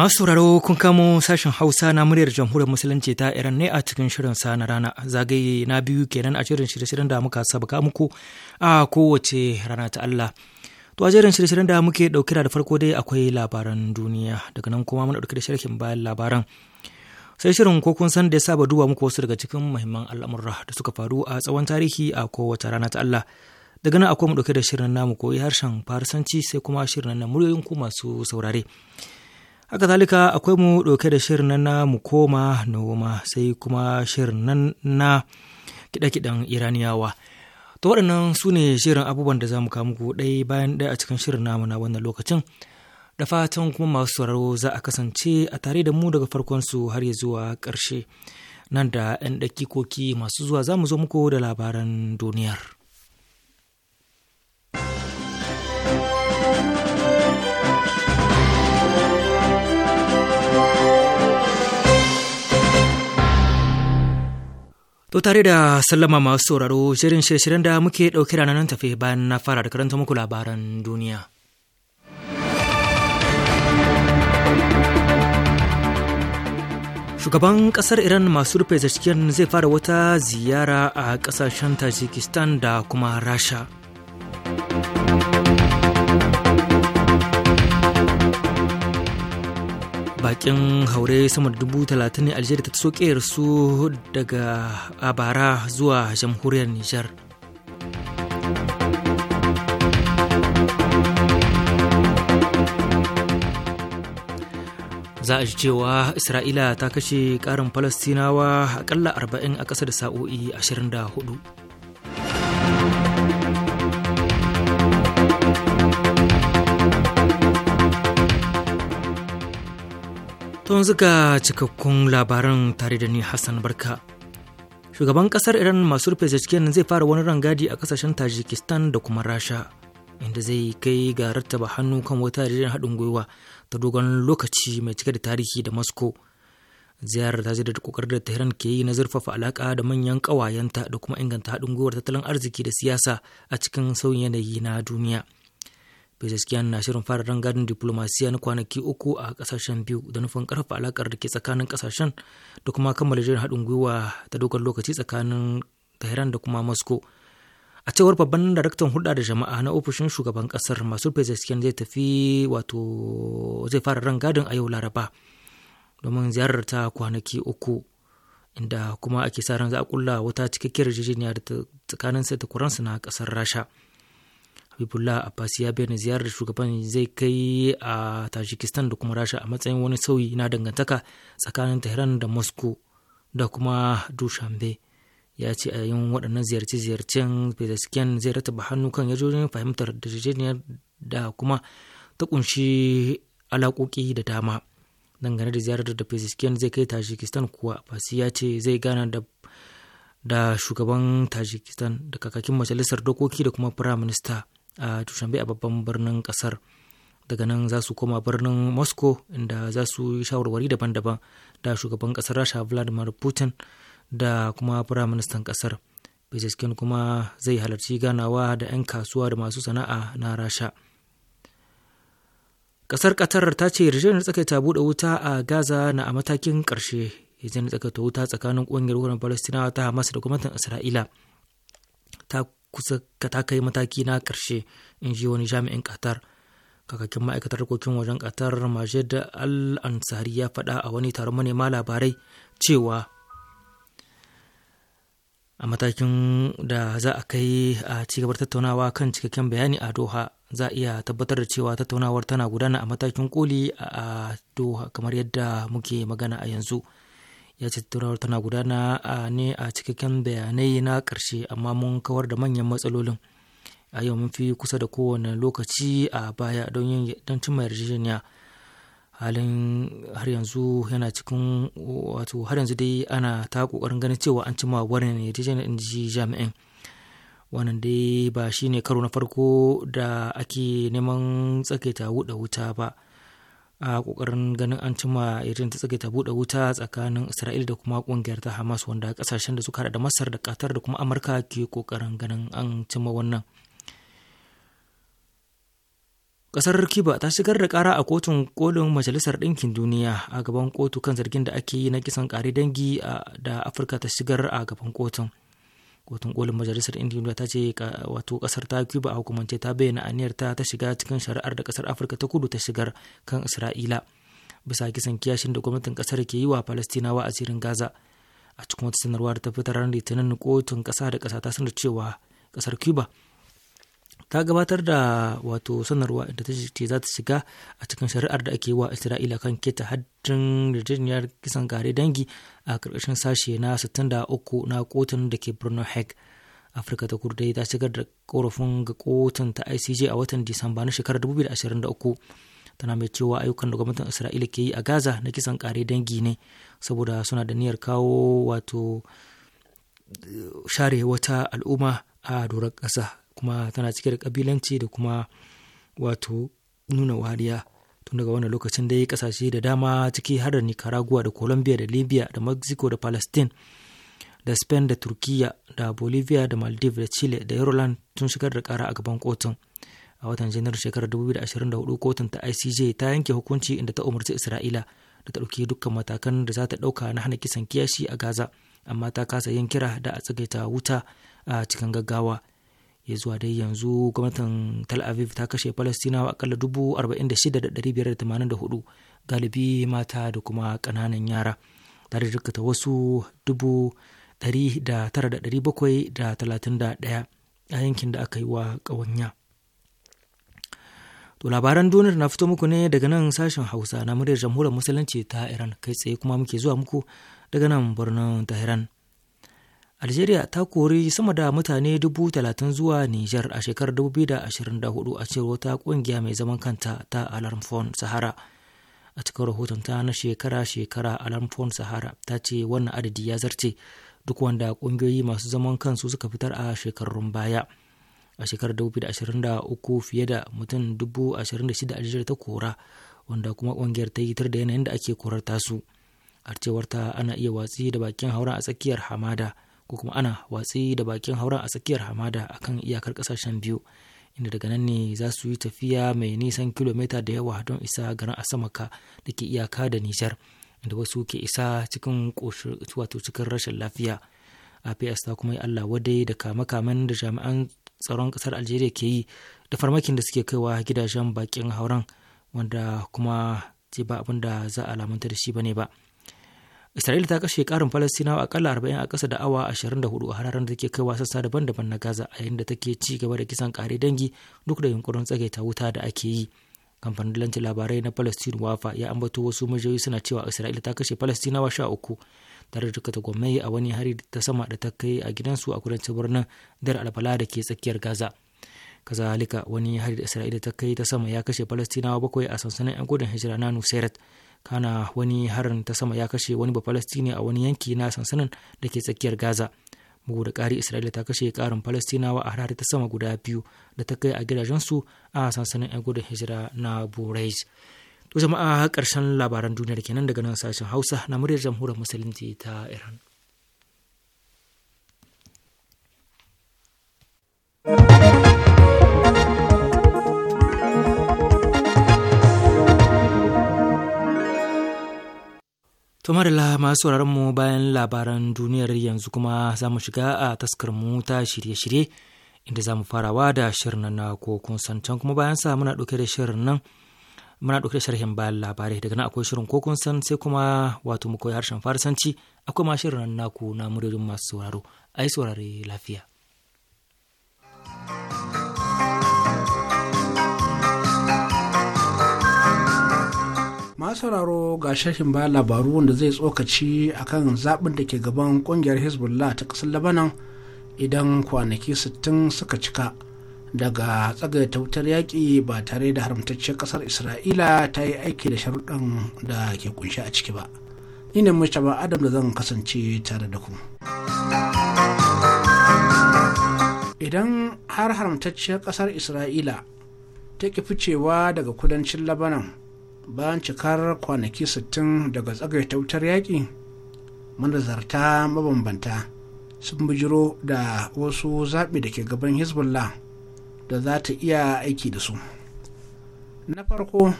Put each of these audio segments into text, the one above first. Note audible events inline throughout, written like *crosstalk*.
Masu sauraro kun kamo sashen Hausa na muryar Jamhuriyar Musulunci ta Iran ne a cikin shirin sa na rana zagaye na biyu kenan a shirin shirye-shiryen da muka sabaka muku a kowace rana ta Allah. To a jerin shirye-shiryen da muke dauke da farko dai akwai labaran duniya daga nan kuma mun dauke da sharhin bayan labaran. Sai shirin ko kun san da ya saba duba muku wasu daga cikin muhimman al'amura da suka faru a tsawon tarihi a kowace rana ta Allah. Daga nan akwai mu dauke da shirin namu koyi harshen Farisanci sai kuma shirin na muryoyin ku masu saurare. haka zalika akwai mu ɗauke da shirin nan na mu koma noma sai kuma shirin nan na kiɗe-kiɗen iraniyawa to waɗannan su ne shirin abubuwan da za mu kawo muku ɗai bayan ɗaya a cikin shirin namu na wannan lokacin da fatan kuma masu sauraro za a kasance a tare da mu daga farkon su har ya zuwa ƙarshe nan da 'yan ɗakikoki masu zuwa za mu zo muku da labaran duniyar. To tare da sallama masu sauraro shirin shirye-shiryen da muke ɗauke da nan tafe bayan na fara da karanta muku labaran duniya. Shugaban ƙasar Iran masu rufe zaciken zai fara wata ziyara a ƙasashen Tajikistan da kuma Rasha. bakin haure sama da dubu talatin ne algeria ta soke su daga abara zuwa jamhuriyar nijar za a ji cewa isra'ila ta kashe ƙarin falastinawa akalla arba'in a ƙasa da sa'o'i da 24 Tun ga cikakkun labaran tare da ni Hassan Barka. Shugaban kasar Iran masu rufe zaskiyan zai fara wani rangadi a kasashen Tajikistan da kuma Rasha, inda zai kai ga rattaba hannu kan wata yarjejeniyar haɗin gwiwa ta dogon lokaci mai cike da tarihi da Moscow. ziyarar ta da ƙoƙarin da Tehran ke yi na zurfafa alaka da manyan ƙawayenta da kuma inganta haɗin gwiwar tattalin arziki da siyasa a cikin sauyin yanayi na duniya. Pezeshkian na shirin fara rangadin diplomasiya na kwanaki uku a kasashen biyu da nufin karfafa alakar da ke tsakanin kasashen da kuma kammala jirin haɗin gwiwa ta dogon lokaci tsakanin Tehran da kuma Moscow. A cewar babban daraktan hulɗa da jama'a na ofishin shugaban kasar masu Pezeshkian zai tafi wato zai fara rangadin a yau Laraba domin ziyarar ta kwanaki uku inda kuma ake sa ran za a kulla wata cikakkiyar yarjejeniya da tsakanin sai da kuransu na kasar Rasha. Habibullah Abbas ya bayyana ziyarar shugaban zai kai a Tajikistan da kuma Rasha a matsayin wani sauyi na dangantaka tsakanin Tehran da Moscow da kuma Dushanbe. Ya ce a yin waɗannan ziyarce-ziyarcen Pezeshkian zai rataba hannu kan yajojin fahimtar da da kuma ta kunshi alaƙoƙi da dama. Dangane da ziyarar da Pezeshkian zai kai Tajikistan kuwa Abbas ya ce zai gana da da shugaban tajikistan da kakakin majalisar dokoki da kuma firaminista a Dushanbe a babban birnin kasar. Daga nan za su koma birnin Moscow inda za su yi shawarwari daban-daban da shugaban kasar Rasha Vladimir Putin da kuma firaministan kasar. Pezeshkian kuma zai halarci ganawa da 'yan kasuwa da masu sana'a na Rasha. Kasar Qatar ta ce yarjejeniyar tsakaita buɗe wuta a Gaza na a matakin ƙarshe. Yarjejeniyar tsakaita wuta tsakanin ƙungiyar wurin Falastinawa ta Hamas da gwamnatin Isra'ila. kusa ka ta kai mataki na ƙarshe in ji wani jami'in qatar kakakin ma'aikatar harkokin wajen qatar majid al-ansari ya faɗa a wani taron manema labarai cewa a matakin da za a kai a cigabar tattaunawa kan cikakken bayani a doha za a iya tabbatar da cewa tattaunawar tana gudana a matakin koli a doha kamar yadda muke magana a yanzu. ya ce turawar tana gudana ne a cikakken bayanai na ƙarshe amma mun kawar da manyan matsalolin a yau mun fi kusa da kowane lokaci a baya don yin don cimma yarjejeniya halin har yanzu yana cikin wato har yanzu dai ana ta kokarin ganin cewa an cimma wannan yarjejeniya in ji jami'in wannan dai ba shine karo na farko da ake neman tsakaita wuda wuta ba a kokarin ganin an cima irin ta tsage ta bude wuta tsakanin Isra'il da kuma kungiyar ta Hamas wanda kasashen da suka hada da Masar da Qatar da kuma Amurka ke kokarin ganin an cima wannan Kasar Kiba ta shigar da kara a kotun kolin Majalisar Ɗinkin Duniya a gaban kotu kan zargin da ake yi na kisan kare dangi da Afirka ta shigar a gaban kotun. kotun kolin majalisar indiya ta ce wato kasar ta cuba a hukumance ta bayyana aniyar ta ta shiga cikin shari'ar da kasar afirka ta kudu ta shigar kan isra'ila bisa kisan kiyashin da gwamnatin kasar ke yi wa falastinawa a zirin gaza a cikin wata sanarwa da ta fitar ranar litinin kotun kasa da kasa ta sanar cewa kasar cuba ta gabatar da wato sanarwa da ta ce za ta shiga a cikin shari'ar da ake wa isra'ila kan keta haddin yarjejeniyar kisan gare dangi a karkashin sashe na 63 na kotun da ke birnin hague afirka ta kudu ta shigar da korafin ga kotun ta icj a watan disamba na shekarar 2023 tana mai cewa ayyukan da gwamnatin isra'ila ke yi a gaza na kisan kare dangi ne saboda suna da niyyar kawo wato share wata al'umma a doron ƙasa kuma tana cike da kabilanci da kuma wato nuna wariya tun daga wannan lokacin dai kasashe da dama ciki har da nicaragua da colombia da libya da mexico da palestine da spain da turkiya da bolivia da maldives da chile da ireland tun shigar da kara a gaban kotun a watan janairu shekarar 2024 kotun ta icj ta yanke hukunci inda ta umarci isra'ila da ta ɗauki dukkan matakan da za ta ɗauka na hana kisan kiyashi a gaza amma ta kasa yin kira da a tsagaita wuta a cikin gaggawa ya zuwa dai yanzu gwamnatin tel aviv ta kashe falastinawa akalla dubu arba'in da hudu galibi mata da kuma ƙananan yara tare da dukkata wasu dubu ɗari da tara da ɗari bakwai da talatin da ɗaya a yankin da aka yi wa ƙawanya to labaran duniyar na fito muku ne daga nan sashen hausa na muryar jamhuriyar musulunci ta iran kai tsaye kuma muke zuwa muku daga nan birnin tehran Algeria ta kori sama da mutane dubu talatin zuwa Nijar a shekarar 2024 a cewa wata kungiya mai zaman kanta ta Alarm Phone Sahara. A cikin rahoton ta na shekara-shekara Alarm Phone Sahara ta ce wannan adadi ya zarce duk wanda kungiyoyi masu zaman kansu suka fitar a shekarun baya. A shekarar 2023 fiye da mutum shida Algeria ta kora wanda kuma kungiyar ta yi tar da yanayin da ake korar tasu. A cewar ta ana iya watsi da bakin hauren a tsakiyar hamada. ko kuma ana watsi da bakin hauran a tsakiyar hamada akan iyakar kasashen biyu inda daga nan ne za su yi tafiya mai nisan kilomita da yawa don isa garin asamaka da ke iyaka da nijar inda wasu ke isa cikin wato cikin rashin lafiya aps ta kuma yi allah wadai da kama kamen da jami'an tsaron kasar algeria ke yi da farmakin da suke kaiwa gidajen bakin hauren wanda kuma ce ba abin da za a lamanta da shi bane ba. Isra'ila ta kashe karin Falastinawa akalla 40 a ƙasa da awa 24 a hararen da take kaiwa sassa daban-daban na Gaza a yayin da take ci gaba da kisan kare dangi duk da yunkurin ta wuta da ake yi. Kamfanin lantin labarai na Palestine Wafa ya ambato wasu majiyoyi suna cewa Isra'ila ta kashe Falastinawa 13 tare da duka gwamnati a wani hari ta sama da ta kai a gidansu a kudancin birnin Dar al-Bala da ke tsakiyar Gaza. kazalika wani hari da isra'ila ta kai ta sama ya kashe falastinawa bakwai a sansanin 'yan gudun hijira na nusairat kana wani harin ta sama ya kashe wani bafalastini a wani yanki na sansanin da ke tsakiyar gaza bugu da ƙari isra'ila ta kashe ƙarin falastinawa a harin ta sama guda biyu da ta kai a gidajensu a sansanin 'yan gudun hijira na burais to jama'a ƙarshen labaran duniya da kenan daga nan sashen hausa na muryar jamhuriyar musulunci ta iran To marila masu mu bayan labaran duniyar yanzu kuma za mu shiga a taskar mu ta shirye-shirye inda za mu farawa da shirin na ko kun can kuma bayan sa muna ɗauke da shirin nan muna ɗauke da sharhin bayan labarai daga nan akwai shirin ko kun san sai kuma wato mu koyi harshen farisanci akwai ma shirin nan ku na muryoyin masu sauraro Ai saurare lafiya. sauraro ga shafin ba labaru wanda zai tsokaci akan zaɓin da ke gaban ƙungiyar hezbollah ta ƙasar labanan idan kwanaki 60 suka cika daga tsagaita wutar yaƙi ba tare da haramtacciyar ƙasar isra'ila ta yi aiki da sharuɗan da ke kunshi a ciki ba ni ne mustapha adam da zan kasance tare da ku idan har haramtacciyar ƙasar isra'ila ta ki ficewa daga kudancin labanan bayan cikar kwanaki 60 daga tsagaita wutar yaƙi manazarta mabambanta sun bijiro da wasu zaɓi da ke gaban hezbollah da za ta iya aiki da su na farko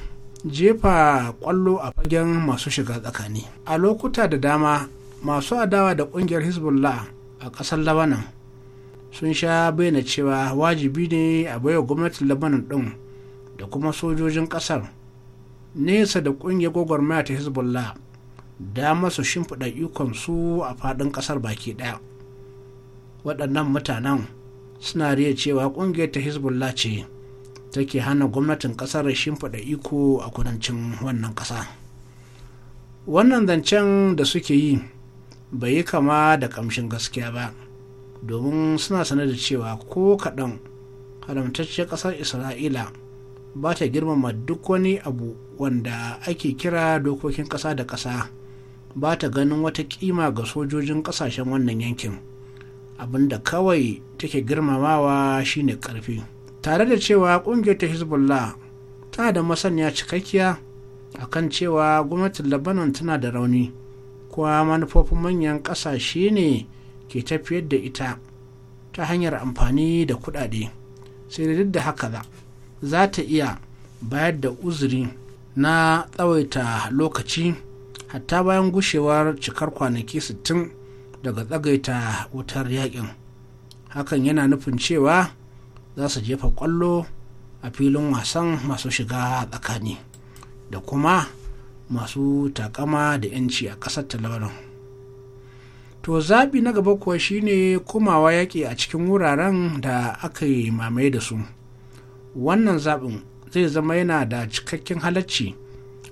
jefa ƙwallo a fagen masu shiga tsakani a lokuta da dama masu adawa da ƙungiyar hezbollah a ƙasar labanan sun sha bayyana cewa wajibi ne a baiwa gwamnatin labanan ɗin da kuma sojojin ƙasar nesa da ƙungiyar gwagwarmaya ta hezbollah da su shimfiɗa ikonsu a faɗin ƙasar baki ɗaya waɗannan mutanen suna riya cewa ƙungiyar ta hezbollah ce take hana gwamnatin ƙasar shimfiɗa iko a kudancin wannan ƙasa wannan zancen da suke yi bai yi kama da ƙamshin gaskiya ba domin suna sanar da cewa ko kaɗan haramtacciyar ƙasar isra'ila ba ta girmama duk wani abu wanda ake kira dokokin ƙasa da ƙasa ba ta ganin wata kima ga sojojin ƙasashen wannan yankin abin da kawai take girmamawa shine ƙarfi tare da cewa ƙungiyar ta hezbollah ta da masaniya cikakkiya a kan cewa gwamnatin labanon tana da rauni kuma manufofin manyan ƙasashe ne ke tafiyar da ita ta hanyar amfani da kuɗaɗe sai da duk da haka za za ta iya bayar da uzuri na tsawaita lokaci hatta bayan gushewar cikar kwanaki 60 daga tsagaita wutar yakin hakan yana nufin cewa za su jefa kwallo a filin wasan masu shiga tsakani da kuma masu takama da 'yanci a ƙasar talabarin to zaɓi na gaba kuwa shine komawa yaƙi a cikin wuraren da aka yi mamaye da su wannan zaɓin zai zama yana da cikakken halacci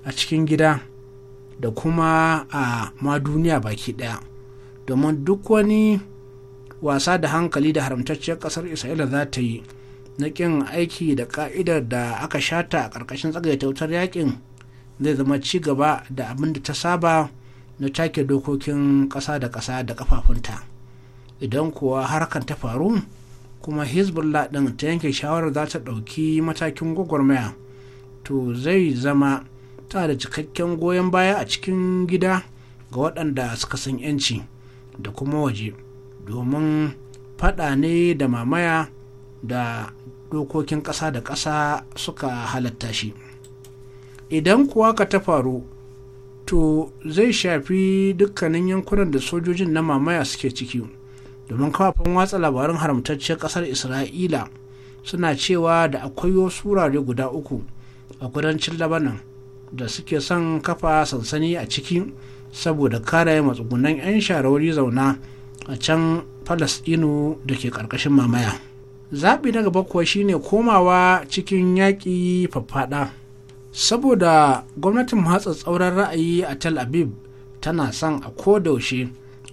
a cikin gida da kuma a ma duniya baki ɗaya domin duk wani wasa da hankali da haramtacciyar ƙasar isra'ila za ta yi na ƙin aiki da ƙa'idar da aka shata a ƙarƙashin tsagaita wutar yakin zai zama ci gaba da abin da ta saba na take dokokin ƙasa da ƙasa da ƙafafunta idan kuwa harkan ta faru kuma hezbollah din ta yanke shawarar za ta ɗauki matakin gwagwarmaya to zai zama ta da cikakken goyon baya a cikin gida ga waɗanda suka san 'yanci da kuma waje domin faɗa ne da mamaya da dokokin ƙasa da ƙasa suka halatta shi idan kuwa ka ta faru to zai shafi dukkanin yankunan da sojojin na mamaya suke ciki domin kafafen watsa labaran haramtacciyar kasar isra'ila suna cewa da akwai wasu wurare guda uku a kudancin labanan da suke son kafa sansani a ciki saboda kare matsugunan 'yan sharawari zauna a can falasɗinu da ke ƙarƙashin mamaya zaɓi na gaba kuwa shine komawa cikin yaƙi faffaɗa saboda gwamnatin matsa tsauran ra'ayi a tel aviv tana son a ko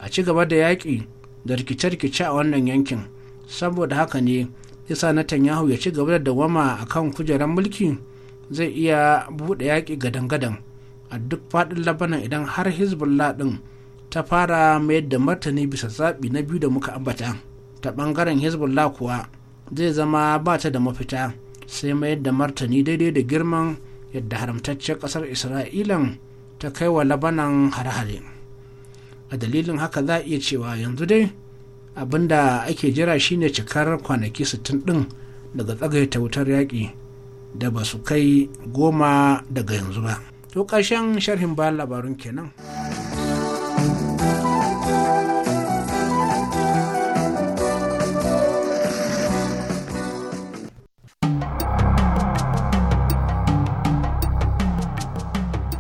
a ci gaba da yaƙi da rikice-rikice a wannan yankin saboda haka ne yasa Netanyahu ya ci gaba da dawama a kan kujerar mulki zai iya buɗe yaƙi gadan-gadan a duk faɗin labanan idan har hezbollah ɗin ta fara mayar da martani bisa zaɓi na biyu da muka ambata ta ɓangaren hezbollah kuwa zai zama ba ta da mafita sai mayar da martani daidai da girman yadda haramtaccen ƙasar isra'ilan ta kai wa labanan hare-hare. a dalilin haka za a iya cewa yanzu dai abin da ake jira shine cikar kwanaki 60 din daga tsagaita wutar yaƙi da ba su kai goma daga yanzu ba to ƙarshen sharhin bayan labarun kenan.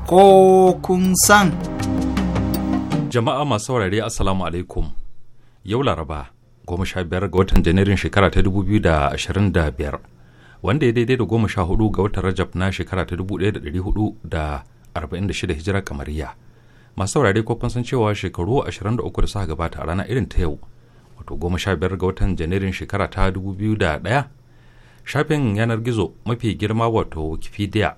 ko kun san. Jama'a masu saurare Assalamu alaikum. Yau Laraba, goma sha biyar ga watan Janairun shekara ta dubu biyu da ashirin da biyar, wanda ya daidai da goma sha hudu ga watan Rajab na shekara ta dubu ɗaya da ɗari hudu da arba'in da shida hijira kamariya. Masu saurare ko kun san cewa shekaru ashirin da uku da suka gabata a rana irin ta yau, wato goma sha biyar ga watan Janairun shekara ta dubu biyu da ɗaya. Shafin yanar gizo mafi girma wato Wikipedia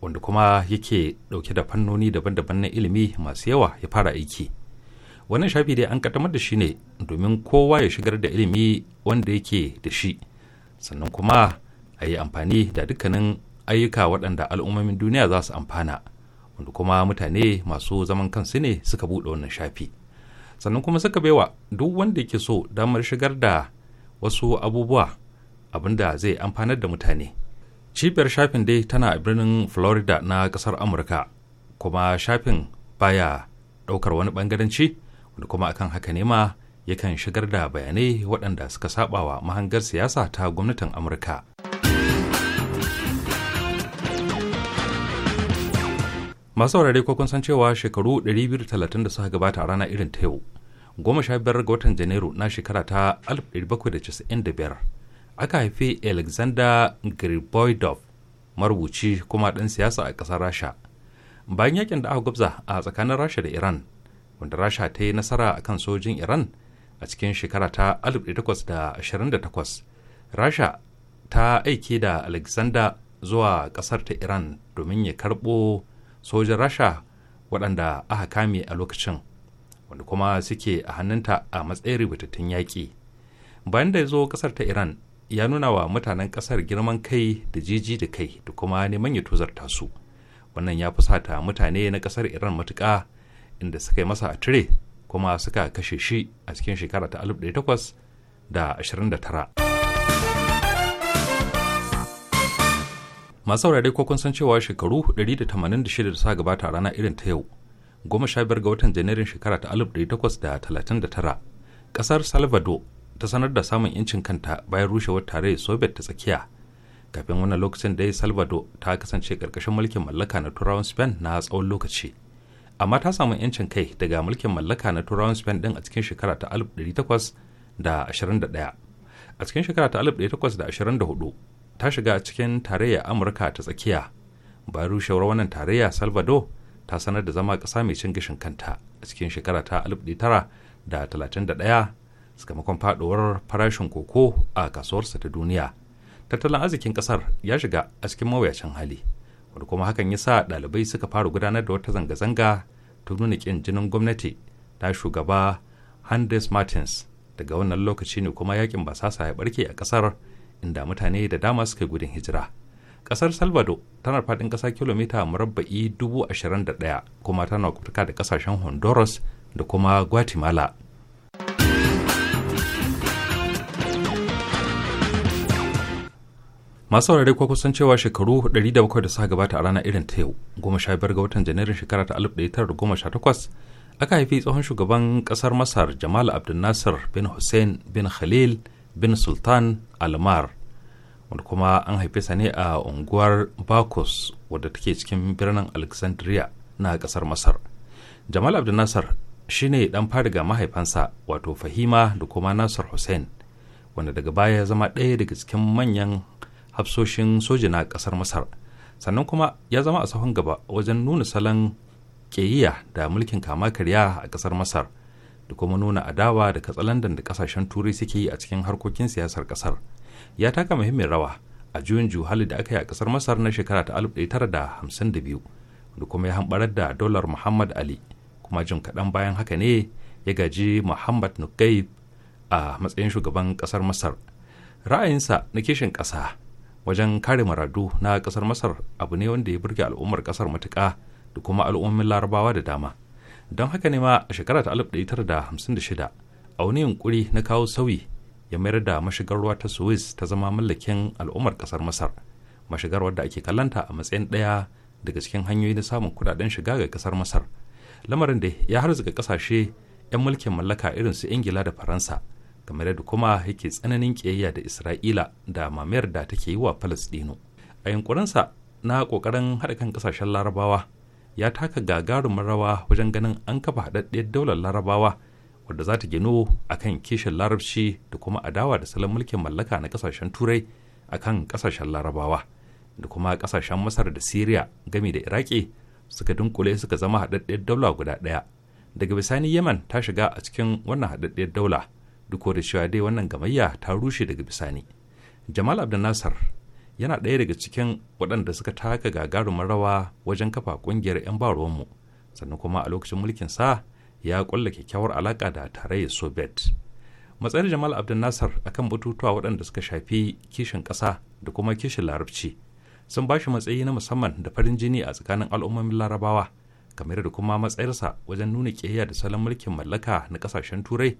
wanda kuma yake dauke da fannoni daban-daban na ilimi masu yawa ya fara aiki wannan shafi dai an kaddamar da shi ne domin kowa ya shigar da ilimi wanda yake da shi sannan kuma a yi amfani da dukkanin ayyuka waɗanda al'ummomin duniya za su amfana wanda kuma mutane masu zaman kansu ne suka buɗe wannan shafi sannan kuma suka baiwa duk wanda yake so damar shigar da wasu abubuwa abinda zai amfanar da mutane cibiyar shafin dai tana a birnin florida na kasar amurka kuma shafin baya daukar wani bangaranci wanda kuma akan haka ne ma yakan shigar da bayanai waɗanda suka sabawa mahangar siyasa ta gwamnatin amurka masu wurare ko kun san cewa shekaru 230 da suka gabata a rana irin ta yau goma sha biyar ga watan janairu na shekara ta 1795 aka haifi alexander griboidov marubuci kuma ɗan siyasa a ƙasar rasha bayan yakin da aka gwabza a tsakanin rasha da iran wanda rasha ta yi nasara a kan sojin iran a cikin shekara ta 1828 rasha ta aike da alexander zuwa ƙasar ta iran domin ya karɓo sojin rasha waɗanda aka kame a lokacin wanda kuma suke a hannunta a matsayin rubutattun yaƙi bayan da ya zo ƙasar ta iran ya nuna wa mutanen kasar girman kai da jiji da kai da kuma neman ya tozarta su wannan ya fi fusata mutane na kasar iran matuka inda suka yi masa a tire kuma suka kashe shi a cikin shekara ta 1829 masu saurare ko kun san cewa shekaru 186 da sa gabata a rana irin ta yau goma sha biyar ga watan janairun shekara ta 1839 ƙasar salvador ta sanar da samun 'yancin kanta bayan rushewar tarayyar soviet ta tsakiya kafin wannan lokacin dai salvador ta kasance karkashin mulkin mallaka na turawan spain na tsawon lokaci amma ta samu 'yancin kai daga mulkin mallaka na turawan spain din a cikin shekara ta 1821 a cikin shekara ta 1824 ta shiga cikin tarayyar amurka ta tsakiya bayan rushewar wannan tarayya salvador ta sanar da zama kasa mai cin gishin kanta a cikin shekara ta 1931 sakamakon faduwar farashin koko a kasuwarsa ta duniya tattalin arzikin kasar ya shiga a cikin mawuyacin hali wanda kuma hakan ya sa ɗalibai suka fara gudanar da wata zanga-zanga ta nuna ƙin jinin gwamnati ta shugaba handes martins daga wannan lokaci ne kuma yakin basasa ya barke a kasar inda mutane da dama suka gudun hijira kasar salvador tana faɗin ƙasa kilomita murabba'i 21 kuma tana kutuka da ƙasashen honduras da kuma guatemala masu saurare ko kusan cewa shekaru 107 da suka gabata a ranar irin ta yau goma sha biyar ga watan janairun shekara ta 1918 aka haifi tsohon shugaban kasar masar jamal abdul nasir bin hussein bin khalil bin sultan almar wanda kuma an haife sa ne a unguwar bakus wadda take cikin birnin alexandria na kasar masar jamal abdul nasir shine dan fariga mahaifansa wato fahima da kuma nasir hussein wanda daga baya ya zama ɗaya daga cikin manyan hafsoshin soja na kasar masar sannan kuma ya zama a sahun gaba wajen nuna salon keyiya da mulkin kama karya a kasar masar da kuma nuna adawa da katsalandan da kasashen turai suke yi a cikin harkokin siyasar kasar ya taka muhimmin rawa a juyin juhali da aka yi a kasar masar na shekara ta 1952 da kuma ya hambarar da dolar muhammad ali kuma jin kaɗan bayan haka ne ya gaji muhammad nukaib a matsayin shugaban kasar masar ra'ayinsa na kishin ƙasa wajen kare maradu na kasar masar abu ne wanda ya burge al'ummar kasar matuka da kuma al'ummin larabawa da dama don haka ne ma a shekara ta 1956 a wani yunkuri na kawo sauyi ya mayar da mashigar ruwa ta suez ta zama mallakin al'ummar kasar masar mashigar wadda ake kallanta a matsayin ɗaya daga cikin hanyoyi na samun kudaden shiga ga kasar masar lamarin da ya harzuka kasashe 'yan mulkin mallaka irin su ingila da faransa kamar yadda kuma yake tsananin ƙiyayya da isra'ila da mamayar da take yi wa falastino a yunkurinsa na ƙoƙarin haɗa kan ƙasashen larabawa ya taka gagarumin rawa wajen ganin an kafa haɗaɗɗiyar daular larabawa wadda za ta gino a kan kishin larabci da kuma adawa da salon mulkin mallaka na ƙasashen turai a kan ƙasashen larabawa da kuma ƙasashen masar da siriya gami da iraki suka dunkule suka zama haɗaɗɗiyar daula guda ɗaya daga bisani yemen ta shiga a cikin wannan haɗaɗɗiyar daula duk da cewa dai wannan gamayya ta rushe daga bisani jamal abdul yana ɗaya daga cikin waɗanda suka taka gagarumin rawa wajen kafa ƙungiyar 'yan baruwanmu sannan kuma a lokacin mulkin sa ya ƙulla kyakkyawar alaƙa da tarayyar soviet matsayar jamal abdul a kan batutuwa waɗanda suka shafi kishin ƙasa da kuma kishin larabci sun ba shi matsayi na musamman da farin jini a tsakanin al'ummomin larabawa kamar da kuma matsayarsa wajen nuna ƙiyayya da salon mulkin mallaka na ƙasashen turai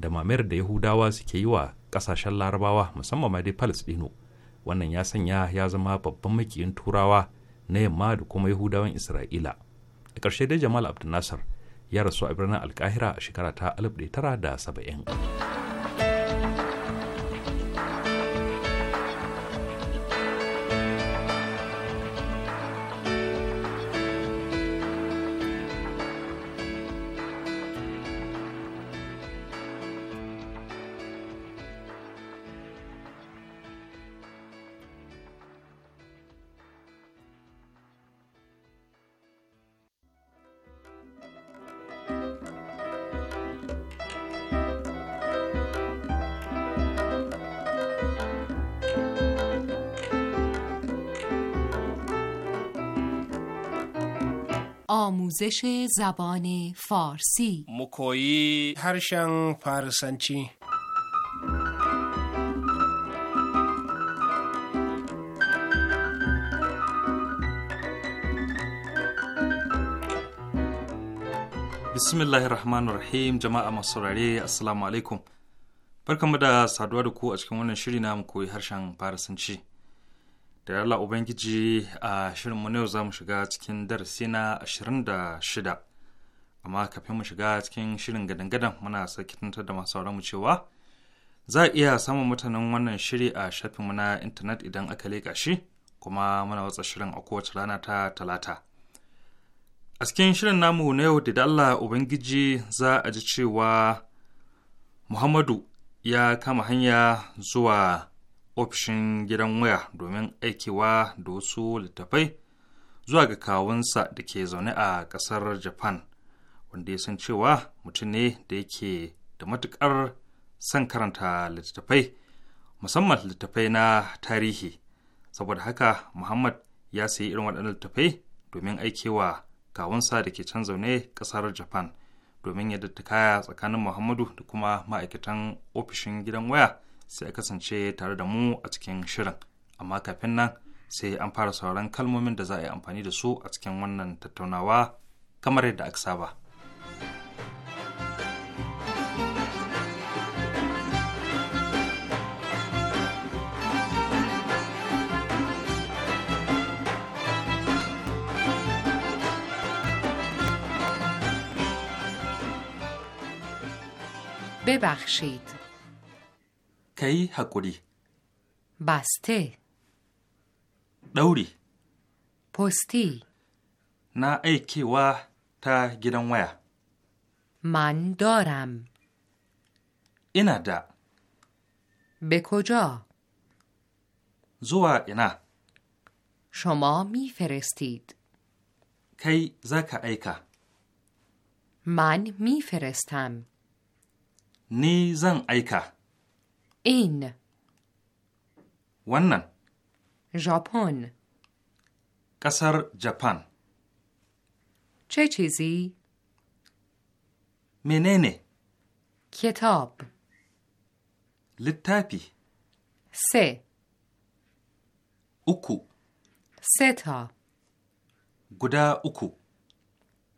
da mamayar da yahudawa suke yi wa kasashen larabawa musamman ma dai dino wannan ya sanya ya zama babban makiyin turawa na yamma da kuma yahudawan isra'ila a ƙarshe dai jamal nasar ya rasu a birnin alkahira a shekara ta 1970 amuzashe زبان فارسی مکویی هرشن فارسنچی bismillahir rahmanir rahim jama'a masu saurare assalamu alaikum barkamu da saduwa da ku a cikin wannan shiri na mu koyi harshen faransanci. da Allah Ubangiji a shirinmu na yau za mu shiga cikin darasi na 26 amma kafin mu shiga cikin shirin gadan-gadan muna sakitantar da masu mu cewa za a iya samun mutanen wannan shiri a shafinmu na intanet idan aka leƙa shi kuma muna watsa shirin a kowace rana ta talata a cikin shirin namu na yau da Allah Ubangiji za a ji cewa Muhammadu ya kama hanya zuwa ofishin gidan waya domin aikewa da wasu littafai zuwa ga kawunsa da ke zaune a ƙasar japan wanda ya san cewa mutum ne da yake da matuƙar son karanta littattafai musamman littattafai na tarihi saboda haka muhammad ya sayi irin waɗannan littattafai domin aikewa kawunsa da ke can zaune ƙasar japan domin ya kaya tsakanin muhammadu da kuma ma'aikatan ofishin gidan waya sai kasance tare da mu a cikin shirin amma kafin nan sai an fara sauran kalmomin da za a yi amfani da su a cikin wannan tattaunawa kamar yadda aka saba. ببخشید ka حکوری؟ بسته دوری؟ پستی نه ایکی وا تا gidan من دارم اینا دا به کجا زوا اینا شما می فرستید کی زکا ایکا من می فرستم نی زن ایکا in wannan Japon. ƙasar japan cecizi menene kitab littafi se uku seta guda uku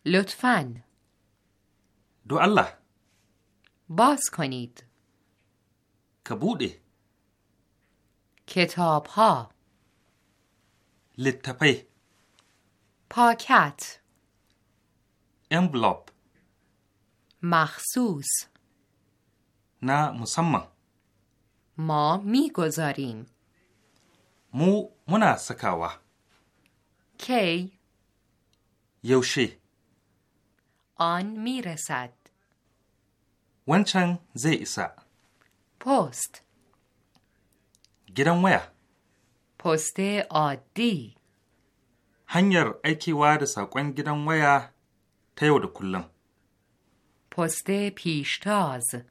lutfan do allah باز کبوده کتاب ها پاکت امبلوب مخصوص نه مسمم ما میگذاریم مو منا سکاوا کی یوشی آن میرسد ونچن زی پست gidan waya. Poste adi. Hanyar aikewa da saƙon gidan waya ta yau da kullum. Poste pishtaz.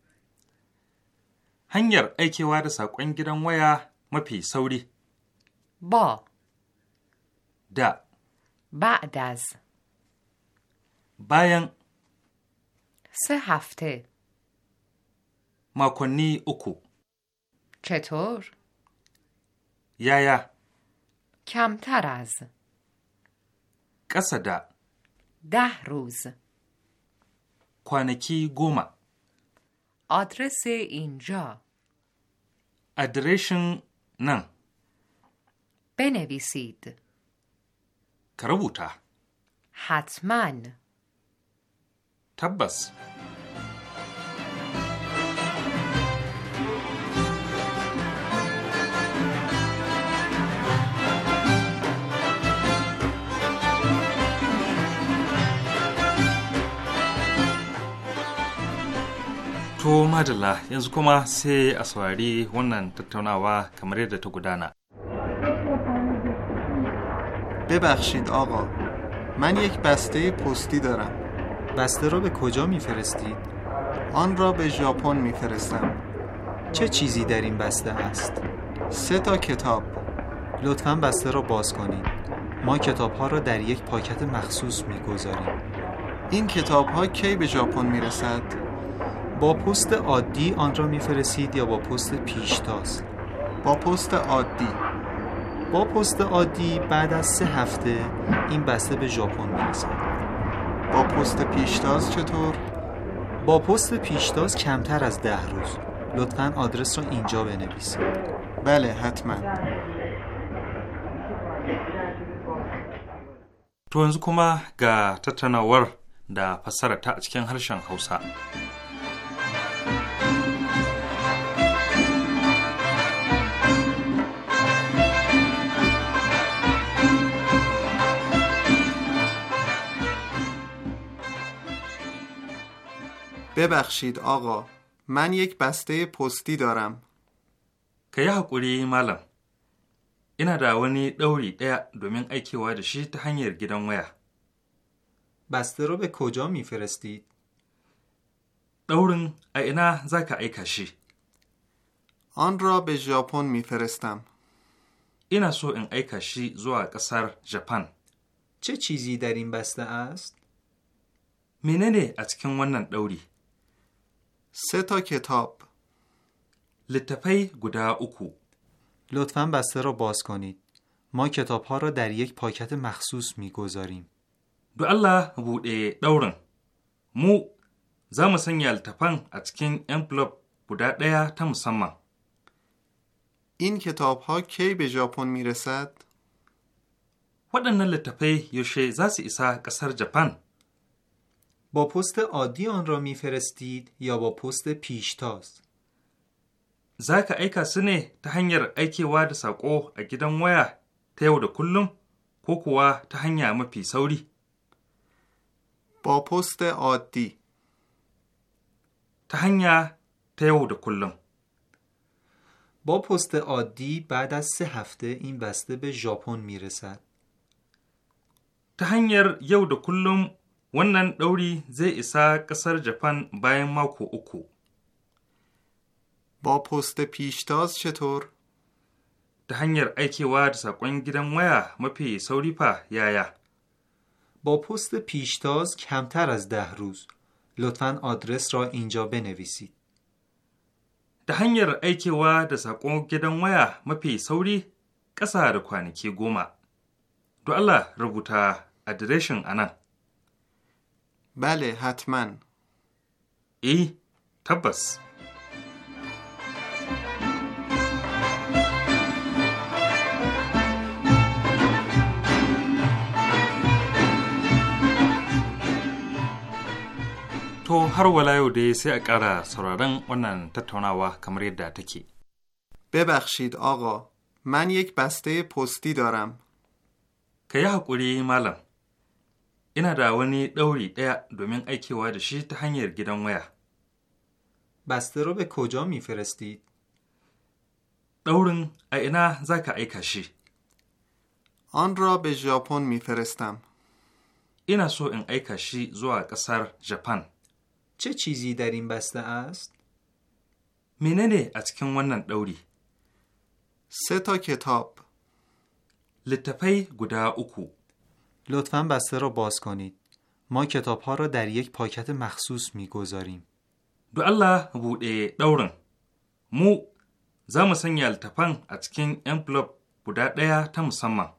Hanyar aikewa da saƙon gidan waya mafi sauri. Ba. Da. Ba'daz. Bayan. Sai hafte. Makonni uku. Ketur? Yaya. Kyamtaraz. Ƙasada. Dah ruuz. Kwanaki goma. adrese injaw. Adireshin nan? Bene bisid. Ka rubuta. Hatman. Tabbas. To madalla yanzu kuma sai a ببخشید آقا من یک بسته پستی دارم بسته را به کجا میفرستید؟ آن را به ژاپن میفرستم چه چیزی در این بسته است؟ سه تا کتاب لطفا بسته را باز کنید ما کتاب ها را در یک پاکت مخصوص میگذاریم این کتاب ها کی به ژاپن میرسد؟ با پست عادی آن را میفرستید یا با پست پیشتاز با پست عادی با پست عادی بعد از سه هفته این بسته به ژاپن میرسد با پست پیشتاز چطور با پست پیشتاز کمتر از ده روز لطفا آدرس را اینجا بنویسید بله حتما تو yanzu kuma ga tattaunawar da fassara ta ببخشید آقا من یک بسته پستی دارم که یه حقوری مالم اینا دا ونی دوری دیا دومین ایکی وادشی تا هنگر گیدن ویا بسته رو به کجا میفرستید؟ دورن اینا زکا ایکشی آن را به ژاپن میفرستم اینا سو این ایکشی زوا قصر ژاپن چه چیزی در این بسته است؟ نه از کن ونن دوری؟ سه تا کتاب لطفه گدا اوکو لطفا بسته را باز کنید ما کتاب ها را در یک پاکت مخصوص می گذاریم دو الله بوده دورن مو زم سنگ التفن از کن امپلوب بوده دیا تم سما این کتاب ها کی به ژاپن می رسد؟ ودن یوشه یوشه زاسی ایسا کسر با پست عادی آن را میفرستید یا با پست پیشتاز زک ایک سنه تا هنگر ایکی واد ساکو اگی ویا تیو ده کلوم کوکوا تا هنگر اما پی با پست عادی تا هنگر تیو کلوم با پست عادی بعد از سه هفته این بسته به ژاپن میرسد تا هنگر یو کلوم Wannan ɗauri zai isa ƙasar Japan bayan mako uku. Ba پست پیشتاز ta hanyar aikewa da saƙon gidan waya mafi sauri fa yaya. با da پیشتاز kamtar da ده روز. لطفا adres ra inja ta hanyar aikewa da saƙon gidan waya mafi sauri ƙasa da kwanaki goma. Do Allah rubuta adireshin anan. بله حتما ای تبس تو هر ولایو دی سی اقرا سرارن ونن تتوناوا کمر یدا تکی ببخشید آقا من یک بسته پستی دارم که یا حقوری ina da wani ɗauri ɗaya domin aikewa da shi ta hanyar gidan waya. Basta rube kojo mi firasti? Ɗaurin a ina za ka aika shi. An be Japan mi firastam. Ina so in aika shi zuwa ƙasar Japan. Ce cizi darin basta Menene a cikin wannan ɗauri? Seta kitab. Littafai guda uku. لطفا بسته را باز کنید. ما کتاب ها را در یک پاکت مخصوص می گذاریم. دو الله بوده دورن. مو زم سنگل تپن از کن امپلوب بوده دیا تا سمم.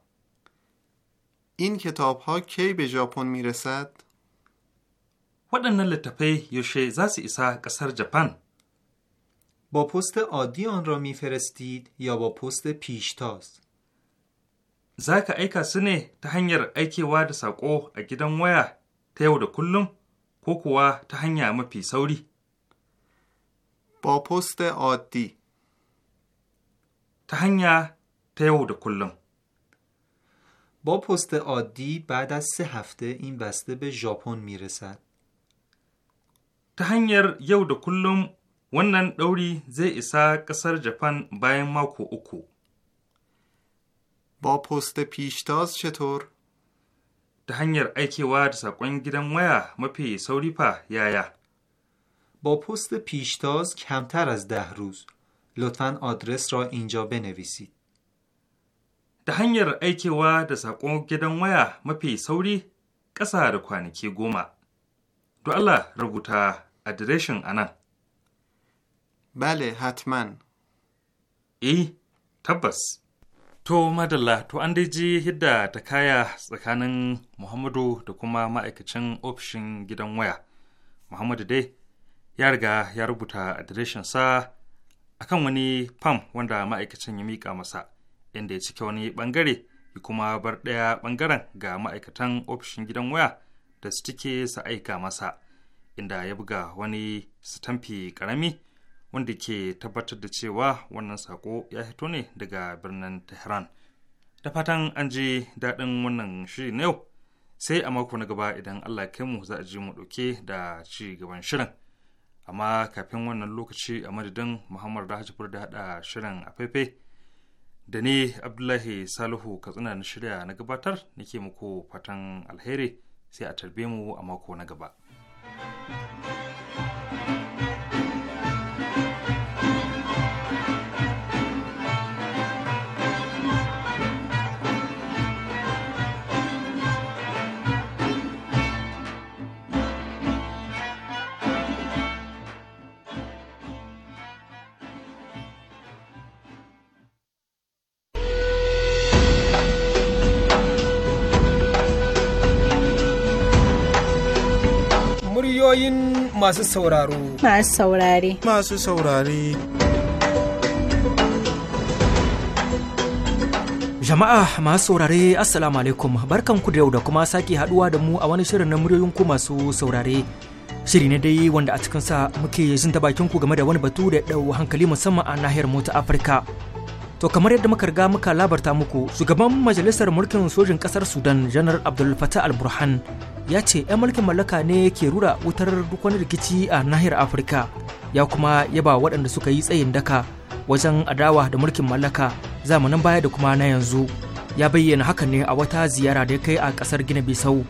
این کتاب ها کی به ژاپن می رسد؟ waɗannan littattafai yaushe za su isa با پست عادی آن را میفرستید یا با پست پیشتاز؟ za ka aika su ne ta hanyar aikewa da saƙo a gidan waya ta yau da kullum ko kuwa ta hanya mafi sauri. Ba post Ta hanya ta yau da kullum. با پست عادی بعد از سه هفته این بسته به ژاپن میرسد. ta hanyar yau da kullum wannan ɗauri zai isa ƙasar Japan bayan mako uku. با پست پیشتاز چطور؟ ta hanyar aikewa da saƙon gidan waya mafi sauri fa yaya. با پست پیشتاز کمتر از ده روز لطفا آدرس را اینجا بنویسید. ta hanyar aikewa da saƙon gidan waya mafi sauri ƙasa da kwanaki goma. To Allah rubuta adireshin a nan. Bale, hatman. Eh, tabbas. To madalla to an dai ji hidda ta kaya tsakanin Muhammadu da kuma ma'aikacin ofishin gidan waya. Muhammadu dai ya riga ya rubuta adireshinsa a kan wani fam wanda ma'aikacin ya miƙa masa inda ya cike wani ɓangare ya kuma bar ɗaya ɓangaren ga ma'aikatan ofishin gidan waya da su cike su aika masa inda ya buga wani sitamfi ƙarami wanda ke tabbatar da cewa wannan sako ya fito ne daga birnin tehran da fatan an ji daɗin wannan shiri na yau sai a mako na gaba idan allah kai mu za a ji mu ɗauke da ci gaban shirin amma kafin wannan lokaci a madadin muhammad da hajjifar da haɗa shirin a faifai da ni abdullahi salihu katsina na shirya na gabatar nake muku fatan alheri sai a tarbe mu a mako na gaba. thank you ra'ayoyin masu sauraro. Masu saurare. Masu saurare. Jama'a masu saurare Assalamu alaikum barkanku da yau da kuma sake haduwa da mu a wani shirin na muryoyin ku masu saurare. Shiri ne dai wanda a cikinsa muke jin ta bakin ku game da wani batu da ɗau hankali musamman a nahiyar mota Afirka. To kamar yadda muka riga muka labarta muku shugaban majalisar mulkin sojin Ƙasar Sudan janar Abdul Fattah al-Burhan ya ce 'yan mulkin mallaka ne ke rura wutar duk wani rikici a nahiyar Afirka ya kuma yaba waɗanda suka yi tsayin daka wajen adawa da mulkin mallaka zamanin baya da kuma na yanzu ya bayyana haka ne a wata ziyara da ya kai a ƙasar Gina Bisau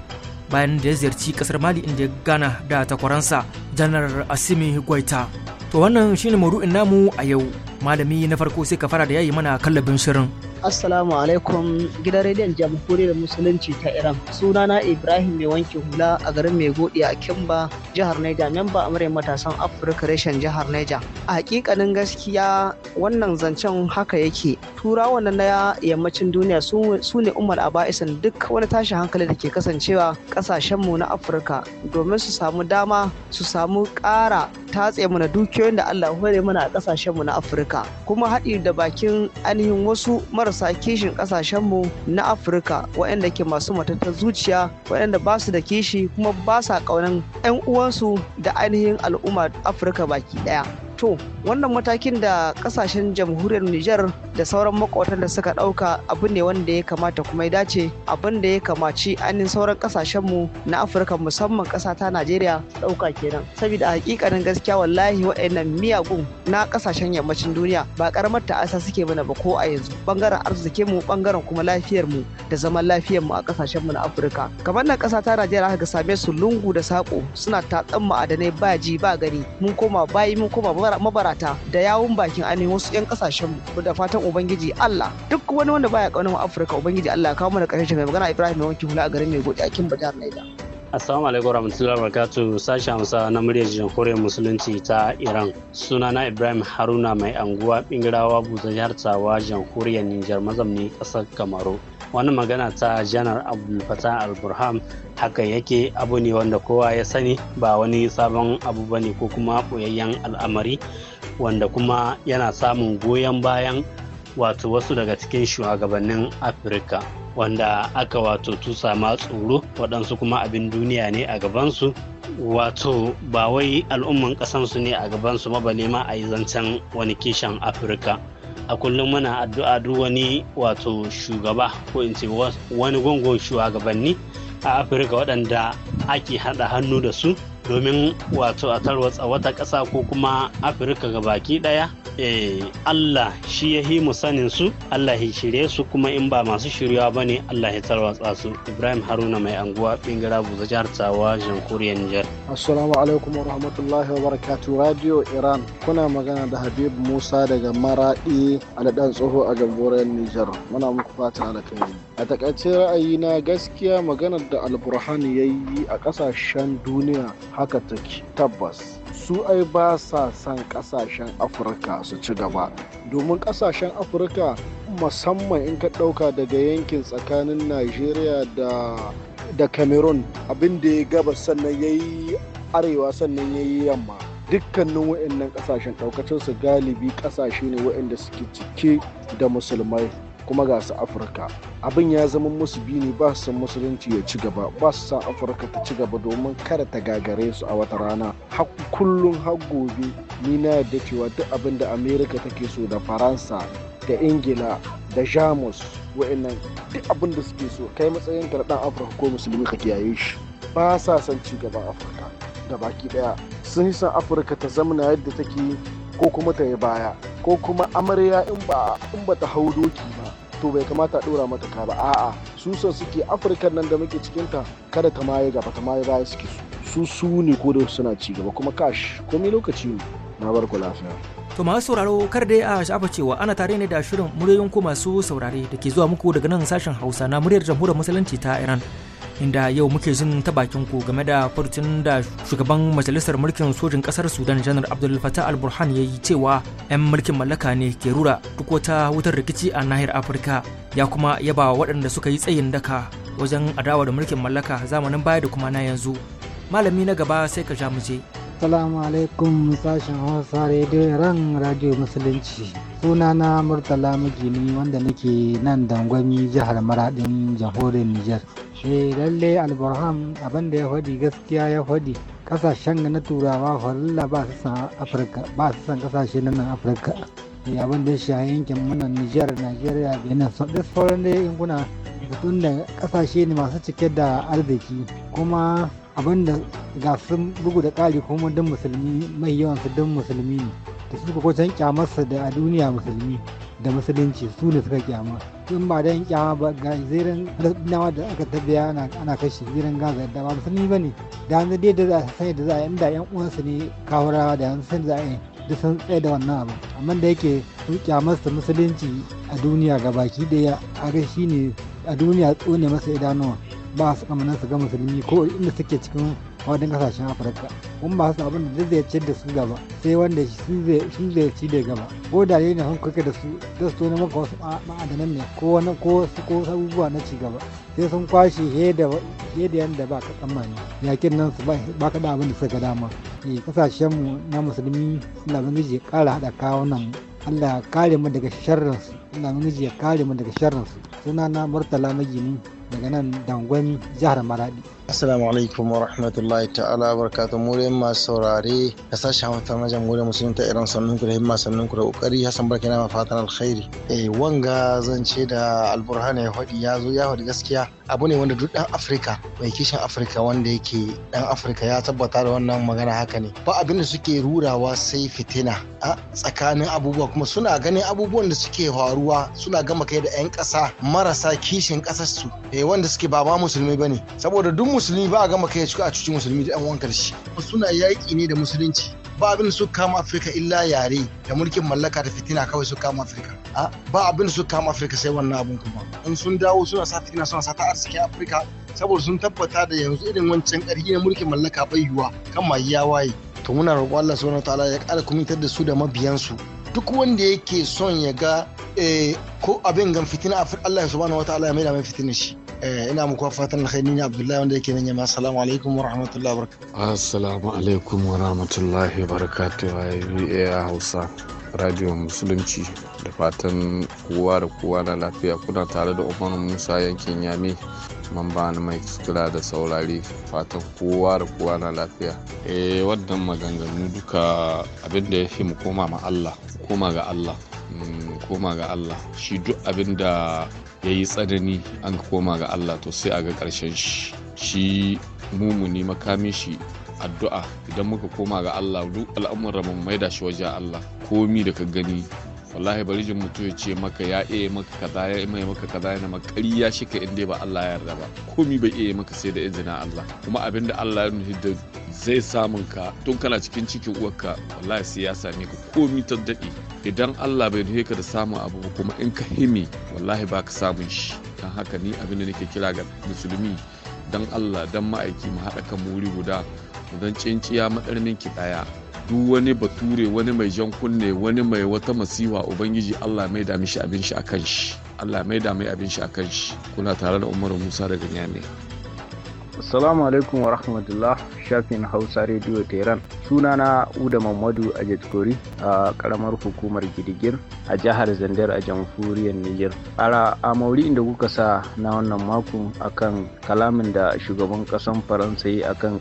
bayan da ya ziyarci ƙasar Mali inda ya gana da takwaransa janar Asimi Gwaita. To wannan shine maudu'in namu a yau. malami na farko sai ka fara da yayi mana kallabin shirin assalamu alaikum gidan rediyon jamhuriyar musulunci ta iran sunana ibrahim mai wanke hula a garin mai godi a kimba jihar neja memba amurai matasan afirka reshen jihar Naija. a hakikanin gaskiya wannan zancen haka yake turawa na yammacin duniya su ne umar aba'isan duk wani tashi hankali da ke kasancewa kasashenmu na afirka domin su samu dama su samu ƙara tatse mana dukiyoyin da allah hore mana a kasashenmu na afirka afirka kuma haɗi da bakin ainihin wasu marasa kishin ƙasashenmu na afirka waɗanda ke masu matattar zuciya waɗanda ba su da kishi kuma ba sa ƙaunar 'yan uwansu da ainihin al'ummar afirka baki ɗaya to wannan matakin da kasashen jamhuriyar Nijar da sauran makwatan da suka ɗauka abu ne wanda ya kamata kuma ya dace abin da ya kamaci anin sauran kasashen mu na afirka musamman kasa ta najeriya ɗauka kenan saboda hakikanin gaskiya wallahi waɗannan miyagun na kasashen yammacin duniya ba karamar ta'asa suke mana ba ko a yanzu bangaren arzikinmu mu bangaren kuma lafiyar mu da zaman lafiyar mu a kasashen mu na afirka kamar na kasa ta najeriya aka same su lungu da sako suna tatsan ma'adanai ba ji ba gari mun koma bayi mun koma ba mabarata da yawun bakin ainihin wasu 'yan kasashen mu da fatan ubangiji Allah duk wani wanda baya kaunar mu Afirka ubangiji Allah kawo mana karshen mai magana Ibrahim Yawanki hula a garin mai godi a Kimba jihar Niger. Assalamu alaikum warahmatullahi wabarakatuh sashen Hausa na muryar jamhuriyar musulunci ta Iran. Sunana Ibrahim Haruna mai anguwa bingirawa buzan jihar jamhuriyar Nijar mazamni kasar Kamaru. wani magana ta janar abubuwa alburham haka yake abu ne wanda kowa ya sani ba wani sabon abu ba ne ko kuma ɓoyayyen al'amari wanda kuma yana samun goyon bayan wato wasu daga cikin shugabannin afirka wanda aka wato tusa ma tsoro waɗansu kuma abin duniya ne a gabansu wato ba wai al'umman ƙasansu ne a gabansu ba ma a yi zancen wani kishin afirka a kullum muna addu'a duk wani wato shugaba ko in ce wani gungun shugabanni a afirka waɗanda ake hada hannu da su domin wato a tarwatsa wata ƙasa ko kuma afirka ga baki ɗaya eh, allah shi ya himu sanin su allah ya shirye su kuma in ba masu shiryawa ba ne allah ya tarwatsa su ibrahim haruna mai anguwa bingira buza jihar tawa jamhuriyar niger assalamu alaikum wa rahmatullahi wa barakatu radio iran kuna magana da habib musa daga maraɗi alaɗan tsoho a jamhuriyar niger muna muku fata alkhairi a takaice ra'ayi na gaskiya maganar da alburhan ya yi a ƙasashen duniya haka take tabbas su ai ba sa son kasashen afirka su ci gaba domin kasashen afirka musamman in ka ɗauka daga yankin tsakanin nigeria da da cameroon abin da ya gaba sannan ya yi arewa sannan ya yi yamma dukkanin waɗannan ƙasashen ɗaukacin galibi ƙasashe ne waɗanda suke cike da musulmai kuma ga su afirka abin ya zama musu biyu ne ba su san musulunci ya ci gaba ba su san afirka ta ci gaba domin kada ta gagare su a wata rana kullum har gobe ni na yadda cewa duk abin da amerika take so da faransa da ingila da jamus wa'annan duk abin da suke so kai matsayin ka dan afirka ko musulmi ka kiyaye shi ba sa son ci gaban afirka da baki daya sun yi san afirka ta zamana yadda take ko kuma ta yi baya ko kuma amarya in ba ta hau doki ba to bai kamata a dora mata ka ba a'a su son suke afirka nan da muke cikinta kada ta maye gaba ta maye baya suke su su ne ko da suna ci gaba kuma kash komai lokaci ne na bar ku lafiya to masu sauraro kar dai a sha'afa cewa ana tare ne da shirin muryoyin ko masu saurare da ke zuwa muku daga nan sashen hausa na muryar jamhuriyar musulunci ta iran inda yau muke jin ta bakin ku game da furtun da shugaban majalisar mulkin sojin kasar Sudan janar Abdul Fattah al-Burhan ya yi cewa 'yan mulkin mallaka ne ke rura duk wata wutar rikici a nahiyar Afirka ya kuma yaba waɗanda suka yi tsayin daka wajen adawa da mulkin mallaka zamanin baya da kuma na yanzu. Malami na gaba sai ka ja mu je. Assalamu alaikum sashen Hausa Radio Ran Radio Musulunci. Sunana Murtala Mugini wanda nake nan dangwami jihar Maradin jamhuriyar Nijar. Shi eh, lalle Alburham abin da ya faɗi gaskiya ya faɗi. Kasashen na turawa holla ba su san Afirka ba su san kasashe na nan Afirka. Eh, abin da ya a yankin mana Nijar Najeriya Benin sauran dai in kuna batun da kasashe ne masu cike da arziki kuma abinda ga sun bugu da ƙari kuma don musulmi mai yawan su don musulmi ne da suka can kyamarsa da a duniya musulmi da musulunci su ne suka kyama in ba da yin kyama ba ga zirin nawa da aka tabbiya ana kashe zirin gaza da ba musulmi ba ne da yanzu dai da za a sani da za a yi da yan uwansu ne kawarawa da yanzu da za a yi da sun tsaye da wannan abu amma da yake su kyamarsa musulunci a duniya gabaki daya a ga shi ne a duniya tsone masa idanuwa ba su nan su ga musulmi ko inda suke cikin wadin kasashen afirka kun ba su abin da zai ciyar da su gaba sai wanda shi zai ci da gaba ko da ne sun kuka da su da su na maka wasu ma'adanan ne ko wani ko su ko abubuwa na ci gaba sai sun kwashe he da yanda ba ka tsammani yakin nan su ba ka da abin da suka dama kasashen eh, mu na musulmi suna bangiji ya kara haɗa kawo mu Allah ya kare mu daga sharrinsu Allah ya kare mu daga sharrinsu Murtala Magini daga nan dangon jihar maradi Assalamu alaikum wa rahmatullahi ta'ala barakatuh mu dai masu saurare da sashen hausa na jamhuriyar musulun ta iran ku da himma ku da kokari hasan barka na fatan alkhairi eh wanga zan ce da alburhana ya ya zo ya hadi gaskiya abu ne wanda duk ɗan afirka mai kishin afirka wanda yake ɗan afirka ya tabbata da wannan magana haka ne ba abin da suke rurawa sai fitina a tsakanin abubuwa kuma suna ganin abubuwan da suke faruwa suna gama kai da yan ƙasa marasa kishin ƙasarsu eh wanda suke ba ma musulmi bane saboda duk musulmi ba a gama kai a cikin musulmi da 'yan uwan karshe suna yaƙi ne da musulunci ba abin su kama afirka illa yare da mulkin mallaka da fitina kawai su kama afirka ba abin su kama afirka sai wannan abin kuma in sun dawo suna sa fitina suna sa ta arziki afirka saboda sun tabbata da yanzu irin wancan ƙarfi na mulkin mallaka bai yiwa kan ma ya waye to muna roƙo Allah subhanahu wataala ya ƙara kumitar da su da mabiyansu duk wanda yake son ya ga eh, ko abin gan fitina Allah subhanahu wataala ya maida mai fitina shi Eh, ina muku fatan alkhairi ne abdullahi wanda yake nan assalamu alaikum wa rahmatullahi wa barakatuh assalamu alaikum wa rahmatullahi wa barakatuh ya hausa radio musulunci da fatan kowa da kowa na lafiya kuna tare da umar musa yankin yami ba ni mai kira da saurari fatan kowa da kowa na lafiya eh wannan maganganu duka da ya fi mu koma ma allah koma ga allah mm, koma ga allah shi duk abinda ya yi tsanani an koma ga Allah to sai a ga ƙarshen shi shi mumuni makamin shi addu'a idan muka koma ga Allah duk al'amuran mu maida shi waje Allah komi da ka gani wallahi bari jin mutum ya ce maka ya iya maka kaza ya iya maka kaza yana makari ya shika in ba Allah ya yarda ba komi bai iya maka sai da izinin Allah kuma abinda da Allah ya nuhi zai samun ka tun kana cikin cikin uwarka wallahi sai ya same ka komi ta daɗe idan Allah bai nuhi ka da samun abu kuma in ka himi wallahi ba ka samun shi don haka ni abin da nake kira ga musulmi don Allah dan ma'aiki mu haɗa kan wuri guda don cinciya madarmin ki ɗaya duk wani bature wani mai jan kunne wani mai wata masiwa ubangiji allah mai da shi abin shi a kan shi allah mai dami abin shi a kan shi kuna tare da umaru musa daga nyame Assalamu alaikum wa rahmatullah shafin Hausa Radio Tehran. Sunana Uda Mamadu a Kori a karamar hukumar Gidigir a jihar Zandar a jamhuriyar Niger. Ara a mauri inda kuka sa na wannan makon akan kalamin da shugaban kasan Faransa yi akan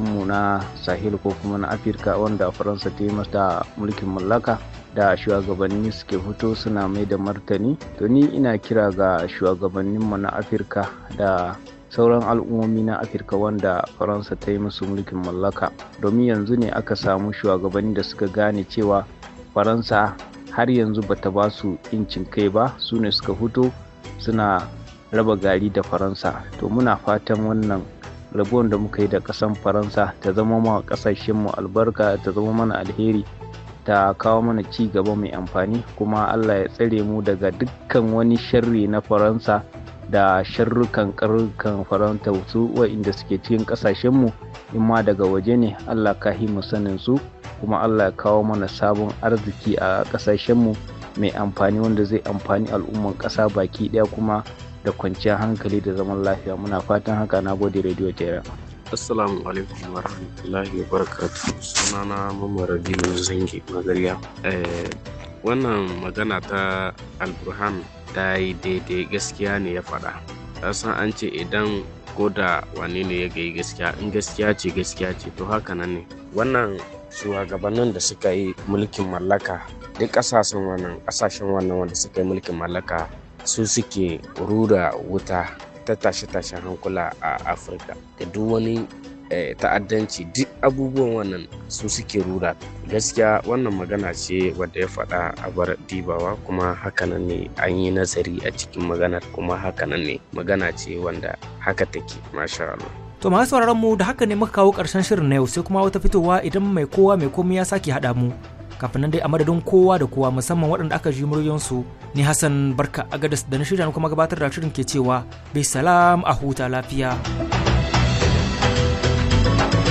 mu na Sahel ko kuma na Afirka wanda Faransa ta yi masa mulkin mallaka. da shugabanni suke fito suna mai da martani to ni ina kira ga shugabanninmu na afirka da sauran al'ummomi na afirka wanda faransa ta yi musu mulkin mallaka domin yanzu ne aka samu shugabanni da suka gane cewa faransa har yanzu bata ba su incin kai ba su ne suka fito suna raba gari da faransa to muna fatan wannan rabuwan da muka yi da kasan faransa ta zama ma ƙasashenmu albarka ta zama mana alheri ta kawo mana ci gaba mai amfani kuma allah ya tsare mu daga dukkan wani sharri na faransa da sharrukan karrukan faranta su wa'inda suke cikin mu in ma daga waje ne allah ka mu sanin su kuma allah ya kawo mana sabon arziki a mu mai amfani wanda zai amfani al'umman ƙasa baki daya kuma da kwanciyar hankali da zaman lafiya muna fatan haka na gode radio tera Assalamu alaikum wa rahmatullahi wa sunana Mamara Dino Zangi Magariya. Eh, wannan magana ta Alburhan ta yi daidai gaskiya ne ya faɗa san an ce idan ko da wani ne ya gayi gaskiya in gaskiya ce gaskiya ce to haka nan ne wannan shugabannin da suka yi mulkin mallaka duk ƙasashen wannan ƙasashen wannan wanda suka yi mulkin mallaka su suke rura wuta ta tashe-tashen hankula a afirka da duk wani Eh, ta'addanci duk abubuwan wannan su suke rura gaskiya wannan magana ce wadda ya faɗa a bar dibawa kuma hakanan ne an yi nazari a cikin maganar kuma hakanan ne magana ce wanda haka take masha To masu sauraron mu da haka ne muka kawo ƙarshen shirin na yau sai kuma wata fitowa idan mai kowa mai komai ya sake haɗa mu. Kafin nan dai a madadin kowa da kowa musamman waɗanda aka ji su ni Hassan Barka Agadas da na shirya kuma gabatar da shirin ke cewa bi salam a huta lafiya. Thank you.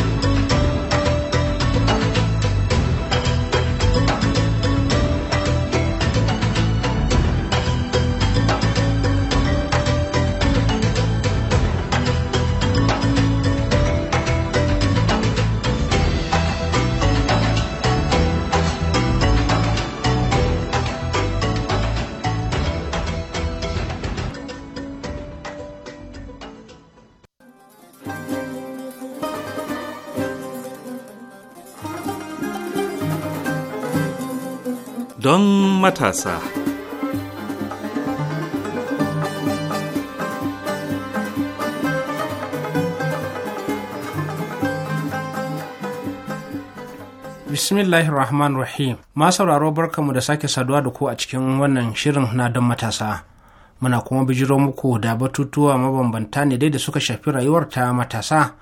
matasa. Bismillahir Rahman Rahim. Ma sauraro barkamu da sake saduwa da ku a cikin wannan shirin na don matasa. Muna kuma bijiro muku da batutuwa mabambanta ne dai da suka shafi rayuwar ta matasa.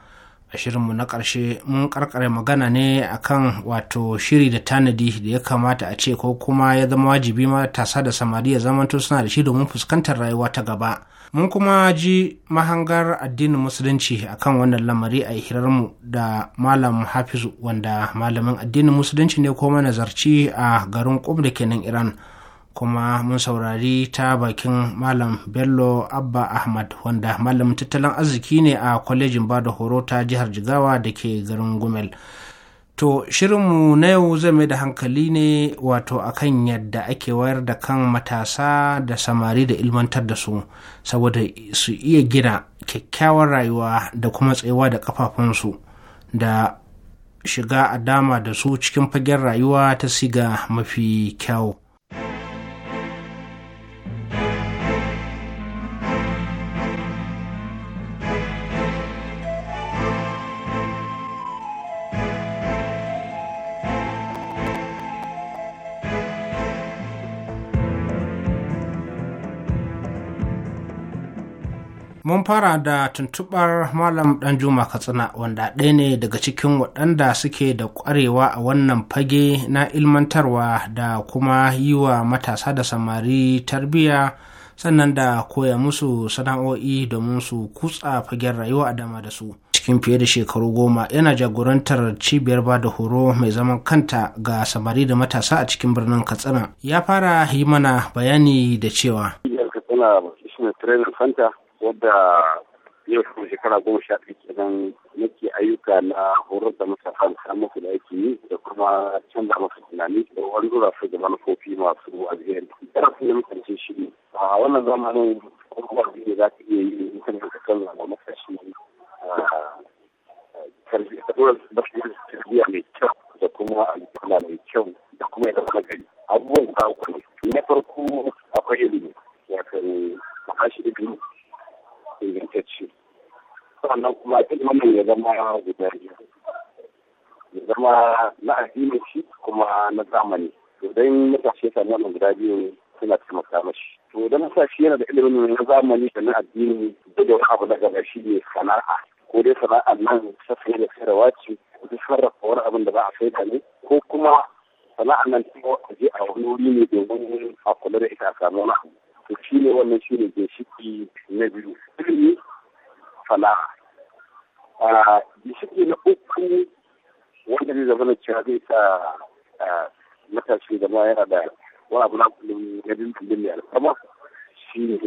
a shirinmu na ƙarshe mun karkare magana ne akan wato shiri da tanadi da ya kamata a ce ko kuma ya zama wajibi matasa da samari ya zamanto suna da shi domin fuskantar rayuwa ta gaba mun kuma ji mahangar addinin musulunci akan wannan lamari a hirarmu da malam hafizu wanda malamin addinin musulunci ne ko nazarci a garin kum da kenan iran kuma mun saurari ta bakin malam bello abba ahmad wanda malamin tattalin arziki ne a kwalejin bada horo ta jihar jigawa da ke garin gumel to shirinmu na yau zai mai da hankali ne wato akan yadda ake wayar da kan matasa da samari da ilmantar da su saboda su iya gina kyakkyawar rayuwa da kuma tsayuwa da kafafunsu da shiga a dama da su cikin fagen rayuwa ta siga mafi kyau. mun fara da tuntubar malam danjuma katsina wanda ɗaya ne daga cikin waɗanda suke da ƙwarewa a wannan fage na ilmantarwa da kuma yi wa matasa da samari tarbiyya sannan da koya musu sana'o'i domin su kutsa fagen rayuwa a dama da su cikin fiye da shekaru goma yana jagorantar cibiyar ba da horo mai zaman kanta ga samari da matasa a cikin birnin katsina ya fara yi mana bayani da cewa katsina wadda yau kuma shekara goma sha ɗaya kenan nake ayyuka na horar da masa alfa musu da ake yi da kuma canza masa tunani da wani zura su da manufofi masu alheri. Ƙarfin da ce shi ne. A wannan zamanin kuma ne za ka iya yi mutum da kan zama masa shi tarbiyya mai kyau da kuma alkula mai kyau da kuma yadda kuma gari. Abubuwan kawo ne. Na farko akwai ilimi. Wato, ma'ashi ilimi ingantacce sannan kuma a cikin wannan ya zama guda biyu ya zama na addini shi kuma na zamani to dan matashi ce samu wannan guda biyu suna taimaka mashi to dan matashi yana da ilimin na zamani da na addini da da abu daga gaba shi ne sana'a ko dai sana'a nan ta sai da sayarwa ce ko ta sarrafa wani abin da ba a saida ne ko kuma sana'ar nan ta je a wani wuri ne domin a kula da ita a samu wani abu to shi ne wannan shi ne ginshiki na biyu ilimi falaha a ginshiki na uku wanda zai zama na cewa zai sa matashi da ma yana da wani abu na kullum na dindindin ne alfama shi ne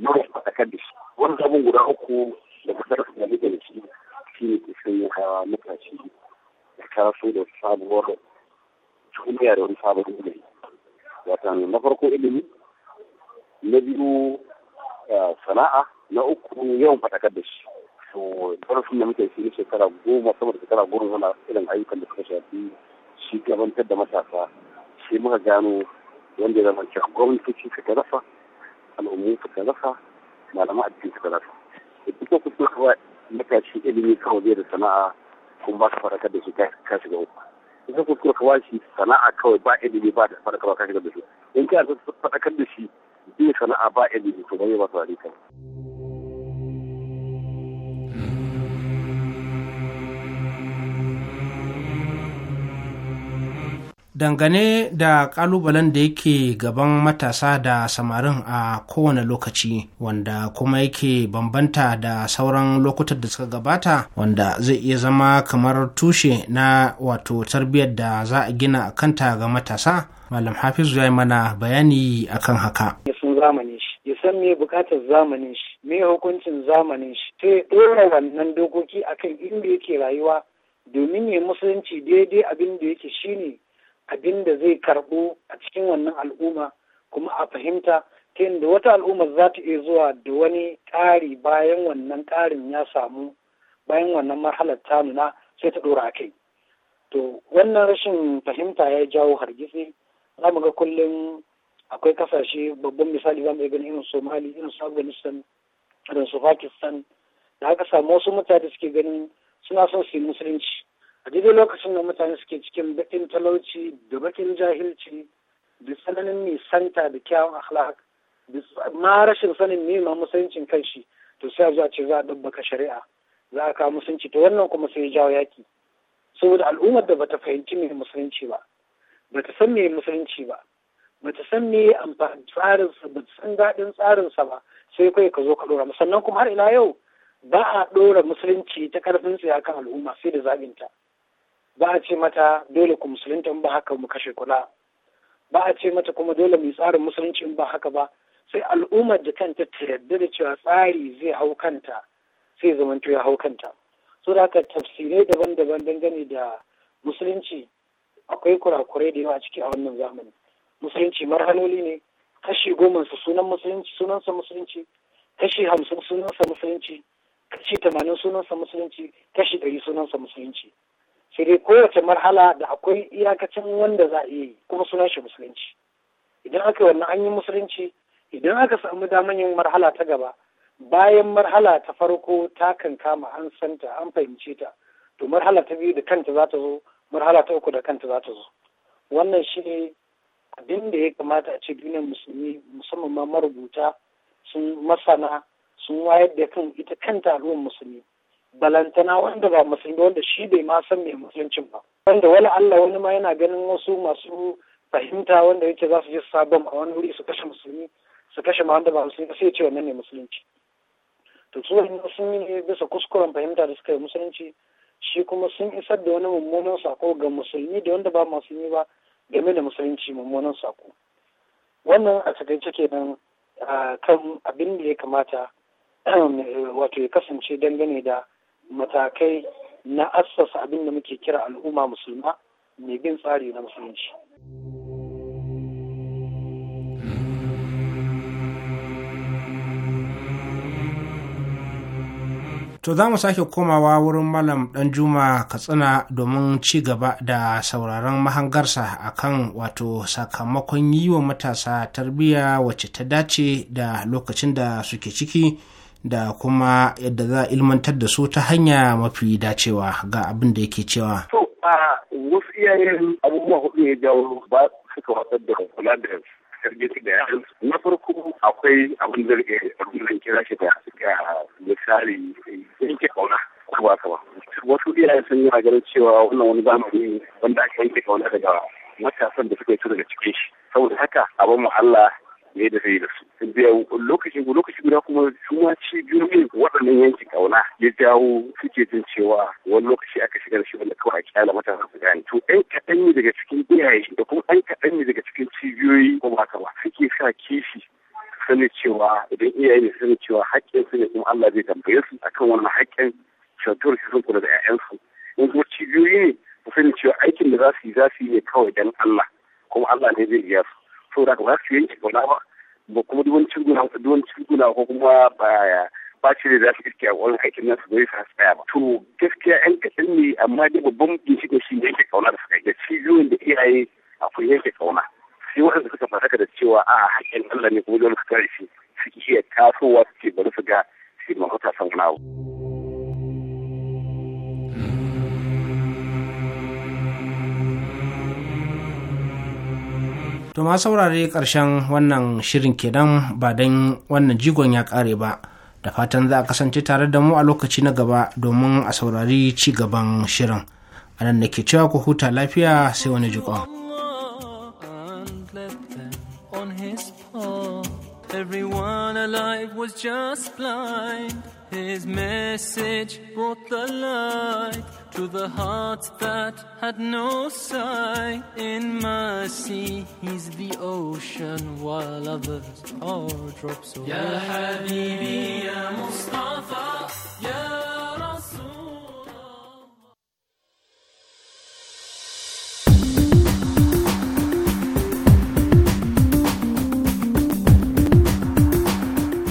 yawan fatakar da shi wani abin guda uku da kasar da nake da shi shi ne ke sanya hawa matashi da kaso da sabuwar duniya da wani sabon ilimi wata na farko ilimi na biyu eh, sana'a na uku yawan fatakar da shi to ƙarfin da muke shi ne shekara goma sama da shekara goma muna irin ayyukan da suka shafi shi gabantar da matasa shi muka gano wanda ya zama cewa gwamnatoci suka rasa al'ummu suka rasa malaman addini suka rasa duk da kuma kawai matashi ilimi kawai zai da sana'a kuma ba su faɗakar da shi ka shiga uku duk da kuma kawai shi sana'a kawai ba ilimi ba da fara ka shiga da shi in ka faɗakar da shi zai sana'a ba ilimi to bai ba kan dangane da ƙalubalen da yake gaban matasa da samarin a kowane lokaci wanda kuma yake bambanta da sauran lokutan da suka gabata wanda zai iya zama kamar tushe na wato tarbiyyar da za a gina a kanta ga matasa malam hafizu ya yi mana bayani akan haka zamanin shi ya san me bukatar zamanin shi me hukuncin zamanin shi sai ɗora wannan dokoki akan inda yake rayuwa domin ya musulunci daidai abin da yake shine abin da zai karɓo a cikin wannan al'umma kuma a fahimta ta yadda wata al'umma za ta iya zuwa da wani ƙari bayan wannan ƙarin ya samu bayan wannan marhalar ta nuna sai ta ɗora kai to wannan rashin fahimta ya jawo hargitsi za mu ga kullum akwai kasashe babban misali za mu iya ganin irin somali irin su afghanistan irin su pakistan da aka samu wasu mutane suke ganin suna son su yi musulunci a daidai lokacin da mutane suke cikin bakin talauci da baƙin jahilci da tsananin nisanta da kyawun akhlaq ma rashin sanin nema musuluncin kanshi to sai a zuwa ce za a dabbaka shari'a za a kawo musulunci to wannan kuma sai ya jawo yaki saboda al'ummar da bata fahimci mai musulunci ba bata san mai musulunci ba bata san me amfani tsarinsa bata san daɗin tsarinsa ba sai kai ka zo ka ɗora sannan kuma har ina yau ba a ɗora musulunci ta ƙarfin tsaye kan al'umma sai da ta. ba a ce mata dole ku musulunta ba haka mu kashe kula ba a ce mata kuma dole mu tsarin musulunci in ba haka ba sai al'ummar da kanta ta yarda da cewa tsari zai hau kanta sai zamanto ya hau kanta so da haka tafsirai daban-daban dangane da musulunci akwai kurakurai da yawa a ciki a wannan zamani musulunci marhaloli ne kashi goma su sunan musulunci sunansa musulunci kashi hamsin sunansa musulunci kashi tamanin sunansa musulunci kashi ɗari sunansa musulunci sai dai kowace marhala da akwai iyakacin wanda za a yi kuma sunan shi musulunci idan aka yi wannan an yi musulunci idan aka samu daman yin marhala ta gaba bayan marhala ta farko ta kan kama an santa an fahimce ta to marhala ta biyu da kanta za ta zo marhala ta uku da kanta za ta zo wannan shi ne abin da ya kamata a ce duniyar musulmi musamman ma marubuta sun masana sun wayar da kan ita kanta taruwan musulmi balantana wanda ba musulmi wanda shi bai ma san mai musuluncin ba wanda wani Allah wani ma yana ganin wasu masu fahimta wanda yake za su je sabon a wani wuri su kashe musulmi su kashe ma wanda ba musulmi sai ce wannan ne musulunci to su musulmi ne bisa kuskuren fahimta da suka yi musulunci shi kuma sun isar da wani mummunan sako ga musulmi da wanda ba musulmi ba game da musulunci mummunan sako wannan a takaice kenan kan abin da ya kamata *clears throat* eh, wato ya kasance dangane da matakai na assasa abin da muke kira al'umma musulma mai bin tsari na musulunci. To za mu sake komawa wurin Malam dan Juma Katsina domin ci gaba da sauraron mahangarsa a kan wato sakamakon yi wa matasa tarbiyya wacce ta dace da lokacin da suke ciki da kuma yadda za a ilmantar da su ta hanya mafi dacewa ga abin da yake cewa. To, a wasu iyayen abubuwa hudu ya jawo ba suka watsar da kula da tarbe su da yaran na farko akwai abin da zan kira shi da suka misali yanke kauna ko ba ka ba wasu iyayen sun yi ganin cewa wannan wani zamani wanda aka yanke kauna daga matasan da suka yi daga cikin shi saboda haka abin mu Allah ne da zai da su lokacin lokaci lokaci guda kuma suma cibiyoyin waɗannan yanki kauna ya jawo suke jin cewa wani lokaci aka shiga da shi wanda kawai a kyala matasa su gane to ɗan kaɗan ne daga cikin iyaye da kuma ɗan kaɗan ne daga cikin cibiyoyi ko ba ba suke sa kishi sani cewa idan iyaye ne sani cewa haƙƙin su ne kuma Allah zai tambaye su akan wannan haƙƙin shatur su sun kula da 'ya'yansu in kuma cibiyoyi ne su sani cewa aikin da za su yi za su yi ne kawai dan Allah kuma Allah ne zai biya su saboda ka wasu su yanke gona ba ba kuma duk duwancin guna duwancin guna ko kuma ba shi da za su iske a wani aikin nan su zai sa tsaya ba. To gaskiya ‘yan kaɗan ne amma dai babban ginshi ginshiƙin shi yanke kauna da suka yi da cibiyoyin da iyaye akwai yanke kauna. Sai waɗanda suka fasaka da cewa a haƙƙin Allah ne kuma dole su kare shi suke iya tasowa suke bari su ga shi mahauta san wani abu. to ma saurare ƙarshen wannan shirin kenan ba don wannan jigon ya ƙare ba da fatan za a kasance tare da mu a lokaci na gaba domin a saurari ci gaban shirin a nan da ke cewa ku huta lafiya sai wani jigon. Everyone His message brought the light to the hearts that had no sight. In mercy, He's the ocean, while others are drops away. Ya Habibi, Ya Mustafa, Ya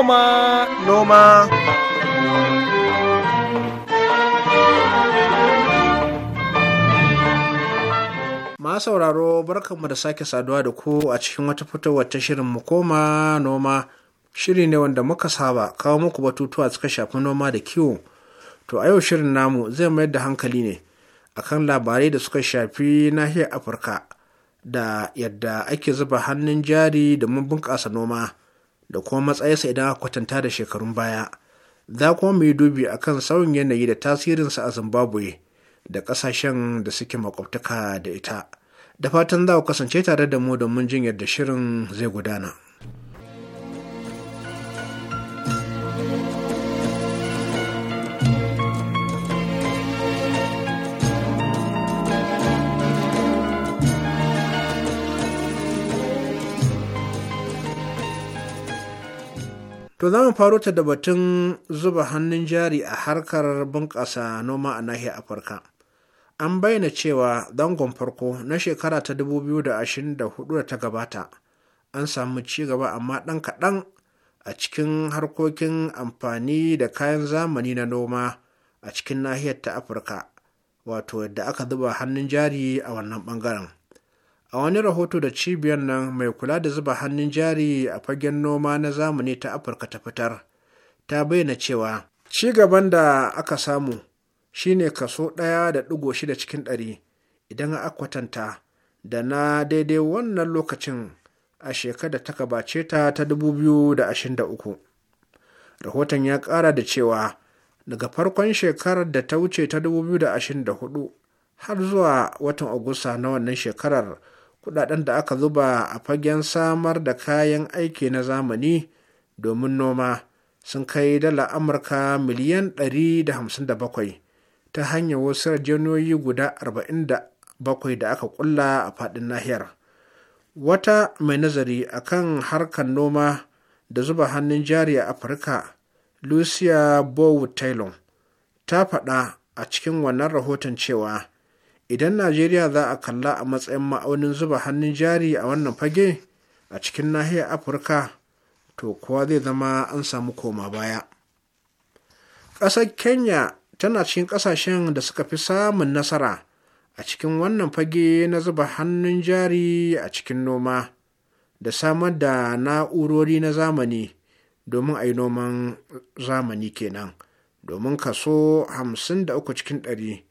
noma noma ma sauraro barkanmu da sake saduwa da ku a cikin wata fitowar ta shirin mu koma noma shiri ne wanda muka saba kawo muku batutuwa suka shafi noma da kiwo to a yau shirin namu zai mayar da hankali ne akan labarai da suka shafi nahiyar afirka da yadda ake zuba hannun jari da domin bunƙasa noma da kuma matsayinsa idan aka kwatanta da shekarun baya za kuma mu yi dubi kan sauyin yanayi da tasirinsa a zimbabwe da ƙasashen da suke makwabtaka da ita da fatan za ku kasance tare da mu domin jin yadda shirin zai gudana. To za mu faro ta da batun zuba hannun jari a harkar bunƙasa noma a nahiyar Afirka. An bayyana cewa dangon farko na shekara ta 2024 da ta gabata an samu ci gaba amma ɗan kaɗan a cikin harkokin amfani da kayan zamani na noma a cikin nahiyar ta Afirka, wato yadda aka zuba hannun jari a wannan ɓangaren. a wani rahoto da cibiyar nan mai kula da zuba hannun jari a fagen noma na zamani ta afirka ta fitar ta bayyana cewa ci gaban da aka samu shine kaso ɗaya da ɗigo shida cikin ɗari idan a kwatanta da na daidai wannan lokacin a shekarar ta gabace ta ta 2023 rahoton ya ƙara da cewa daga farkon shekarar da ta wuce ta 2024 har zuwa watan agusta na wannan shekarar kudaden da aka zuba a fagen samar da kayan aiki na zamani domin noma sun kai dala amurka miliyan 157 ta hanyar wasu rajeniyoyi guda 47 da aka kulla a fadin nahiyar wata mai nazari akan harkar noma da zuba hannun jari a afirka lucia bowood taylor ta faɗa a cikin wannan rahoton cewa idan najeriya za a kalla a matsayin ma'aunin zuba hannun jari a wannan fage a cikin nahiyar afirka to kuwa zai zama an samu koma baya ƙasar kenya tana cikin ƙasashen da suka fi samun nasara a cikin wannan fage na zuba hannun jari a cikin noma da samar da na'urori na zamani domin a yi noman zamani kenan domin kaso 53 cikin ɗari.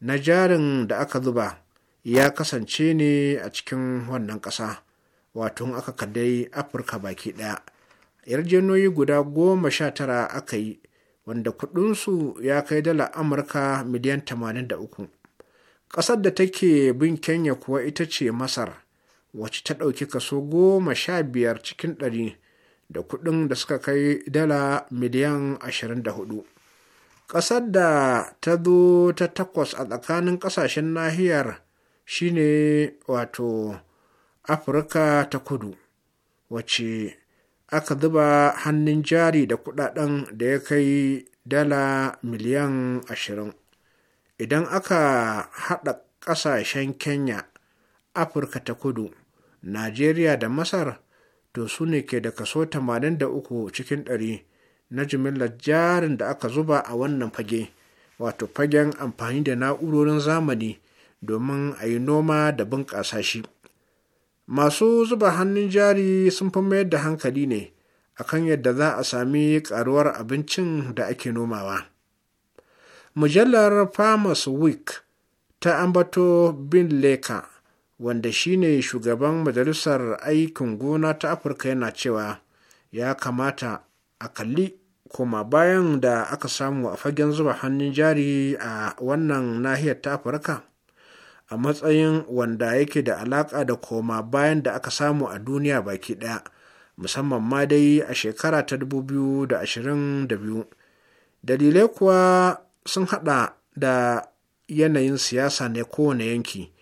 na jarin da aka zuba ya kasance ne a cikin wannan ƙasa wato aka kaddai afirka baki ɗaya yarjejeniyoyi guda goma sha tara aka yi wanda kudinsu ya kai dala amurka miliyan tamanin da uku. ƙasar da take bin kenya kuwa ita ce masar wacce ta ɗauki kaso goma sha biyar cikin ɗari da kudin da suka kai dala miliyan da 24 ƙasar da ta zo ta takwas a tsakanin ƙasashen nahiyar shine wato afirka ta kudu wacce aka zuba hannun jari da kudaden da ya kai dala miliyan ashirin idan aka haɗa ƙasashen kenya afirka ta kudu najeriya da masar to su ne ke da kaso 83 cikin ɗari. na jimillar jarin da aka zuba a wannan fage wato fagen amfani da na'urorin zamani domin a yi noma da bunƙasa shi masu zuba hannun jari sun fi mayar da hankali ne a kan yadda za a sami ƙaruwar abincin da ake nomawa mujallar farmers week ta ambato bin leka wanda shine shugaban majalisar aikin gona ta afirka yana cewa ya kamata a kalli koma bayan da aka samu a fagen zuba hannun jari a wannan nahiyar ta afirka a matsayin wanda yake da alaƙa da koma bayan da aka samu a duniya baki ɗaya musamman ma dai a shekara ta 2022 dalilai kuwa sun haɗa da yanayin siyasa ne kowane yanki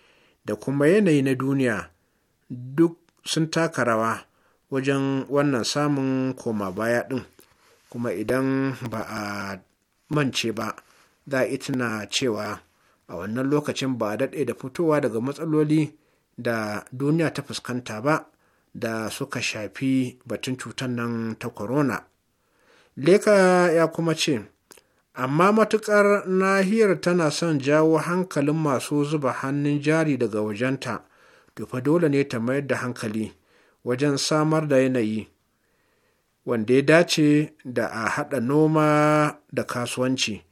da kuma yanayi na duniya duk sun taka rawa wajen wannan samun koma baya ɗin kuma idan ba a mance ba za a cewa a wannan lokacin ba a daɗe da fitowa daga matsaloli da duniya ta fuskanta ba da suka shafi batun cutar nan ta corona leka ya kuma ce amma matukar nahiyar tana son jawo hankalin masu zuba hannun jari daga wajenta to dole ne ta mayar da hankali wajen samar da yanayi wanda ya dace da a haɗa noma da kasuwanci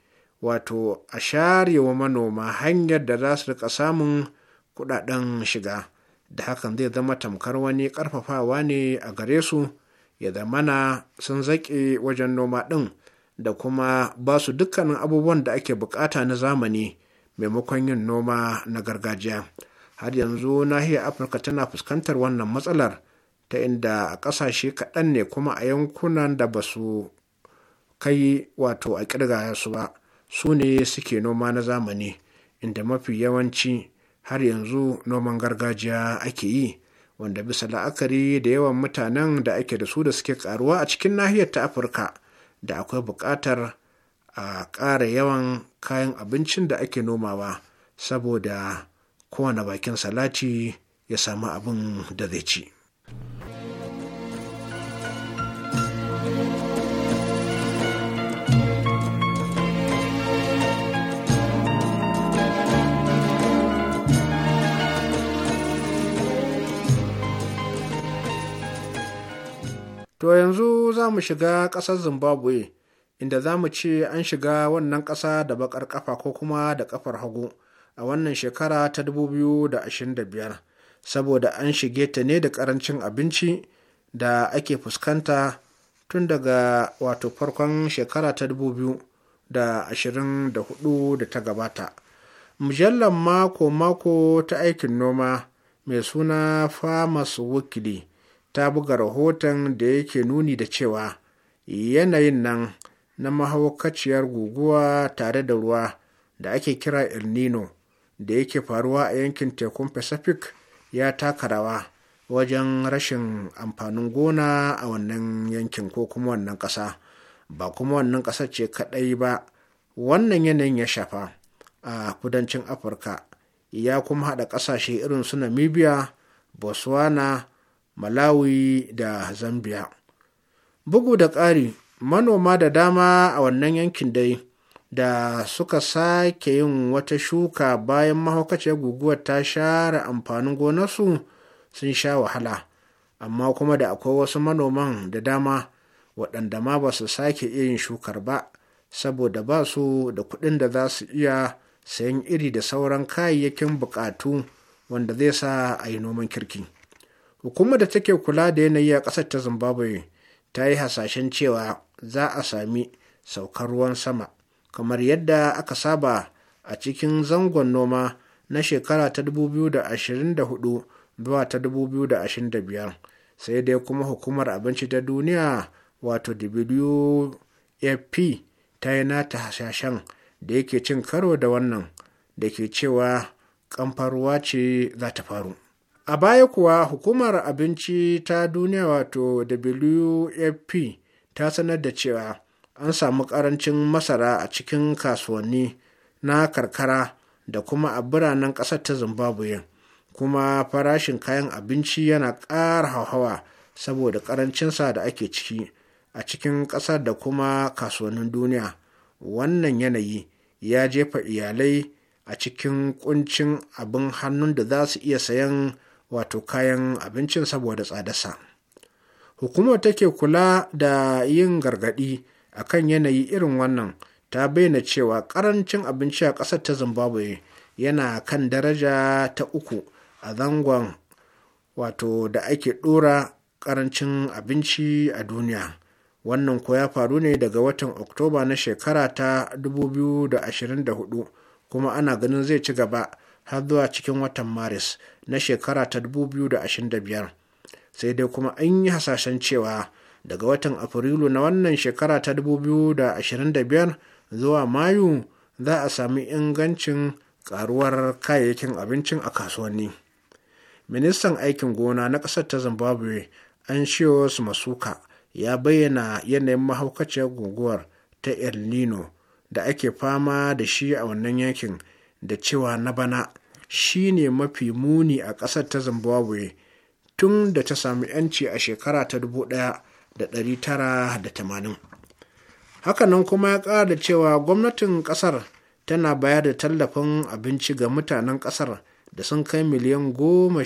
wato a share wa manoma hanyar da za su rika samun kuɗaɗen shiga da hakan zai zama tamkar wani ƙarfafawa ne a gare su ya zamana sun zaƙe wajen noma ɗin da kuma ba su dukkanin abubuwan da ake buƙata na zamani maimakon yin noma na gargajiya har yanzu nahiyar afirka tana fuskantar wannan matsalar ta inda a ƙasashe kaɗan ne kuma a yankunan da ba su kai wato a ƙirga su ba su ne suke noma na zamani inda mafi yawanci har yanzu noman gargajiya ake yi wanda bisa la'akari da yawan mutanen da ake da su da suke karuwa a cikin nahiyar ta afirka da akwai buƙatar a ƙara yawan kayan abincin da ake nomawa saboda kowane bakin salati ya samu abin da zai ci. To yanzu za mu shiga ƙasar Zimbabwe, inda za mu ce an shiga wannan ƙasa da baƙar ƙafa ko kuma da ƙafar hagu a wannan shekara ta 2025, saboda an shige ta ne da ƙarancin abinci da ake fuskanta tun daga wato farkon shekara ta 2024 da ta gabata. Mujallar mako-mako ta aikin noma mai suna Farmers Weekly. ta buga rahoton da yake nuni da cewa yanayin nan na mahaukaciyar guguwa tare da ruwa da ake kira el nino da yake faruwa a yankin tekun pacific ya taka rawa wajen rashin amfanin gona a wannan yankin ko kuma wannan ƙasa ba kuma wannan ƙasa ce kaɗai ba wannan yanayin ya shafa a kudancin afirka ya kuma haɗa ƙasashe irin su namibia botswana malawi da zambia bugu da ƙari manoma da dama a wannan yankin dai da suka sake yin wata shuka bayan mahaukaciyar guguwar ta share amfanin gonarsu sun sha wahala amma kuma da akwai wasu manoman da dama waɗanda ma ba su sake yin shukar ba saboda ba su da kuɗin da za su iya sayan iri da sauran kayayyakin buƙatu wanda zai sa a yi noman kirki. hukumar da take kula da yanayi a ƙasar ta zimbabwe ta yi hasashen cewa za a sami saukar ruwan sama kamar yadda aka saba a cikin zangon noma na shekara ta 2024 ta 2025 sai dai kuma hukumar abinci ta duniya wato wfp ta yi nata hasashen da yake cin karo da wannan da ke cewa ƙamfar ruwa ce za ta faru a baya kuwa hukumar abinci ta duniya wato wfp ta sanar da cewa an samu ƙarancin masara a cikin kasuwanni na karkara da kuma a biranen ƙasar ta zimbabwe kuma farashin kayan abinci yana ƙara hauhawa saboda ƙarancinsa da ake ciki a cikin ƙasar da kuma kasuwannin duniya wannan yanayi ya jefa iyalai a cikin kuncin abin hannun da za su iya sayan wato kayan abincin saboda tsadarsa hukumar take kula da yin gargaɗi a kan yanayi irin wannan ta bayyana cewa ƙarancin abinci a ƙasar ta zimbabwe yana kan daraja ta uku a zangon wato da ake ɗora ƙarancin abinci a duniya wannan ko ya faru ne daga watan oktoba na shekara ta 2024 kuma ana ganin zai ci gaba har zuwa cikin watan maris na shekara ta 2025 sai dai kuma an yi hasashen cewa daga watan afrilu na wannan shekara ta 2025 zuwa mayu za a sami ingancin karuwar kayayyakin abincin a kasuwanni ministan aikin gona na ƙasar ta zimbabwe an su masuka ya bayyana yanayin mahaukaciyar guguwar ta el nino da ake fama da shi a wannan yankin da cewa na bana shi ne mafi muni a ƙasar ta zimbabwe tun da ta sami 'yanci a shekara ta 1980 hakanan kuma ya ƙara cewa gwamnatin ƙasar tana bayar da tallafin abinci ga mutanen ƙasar da sun kai miliyan goma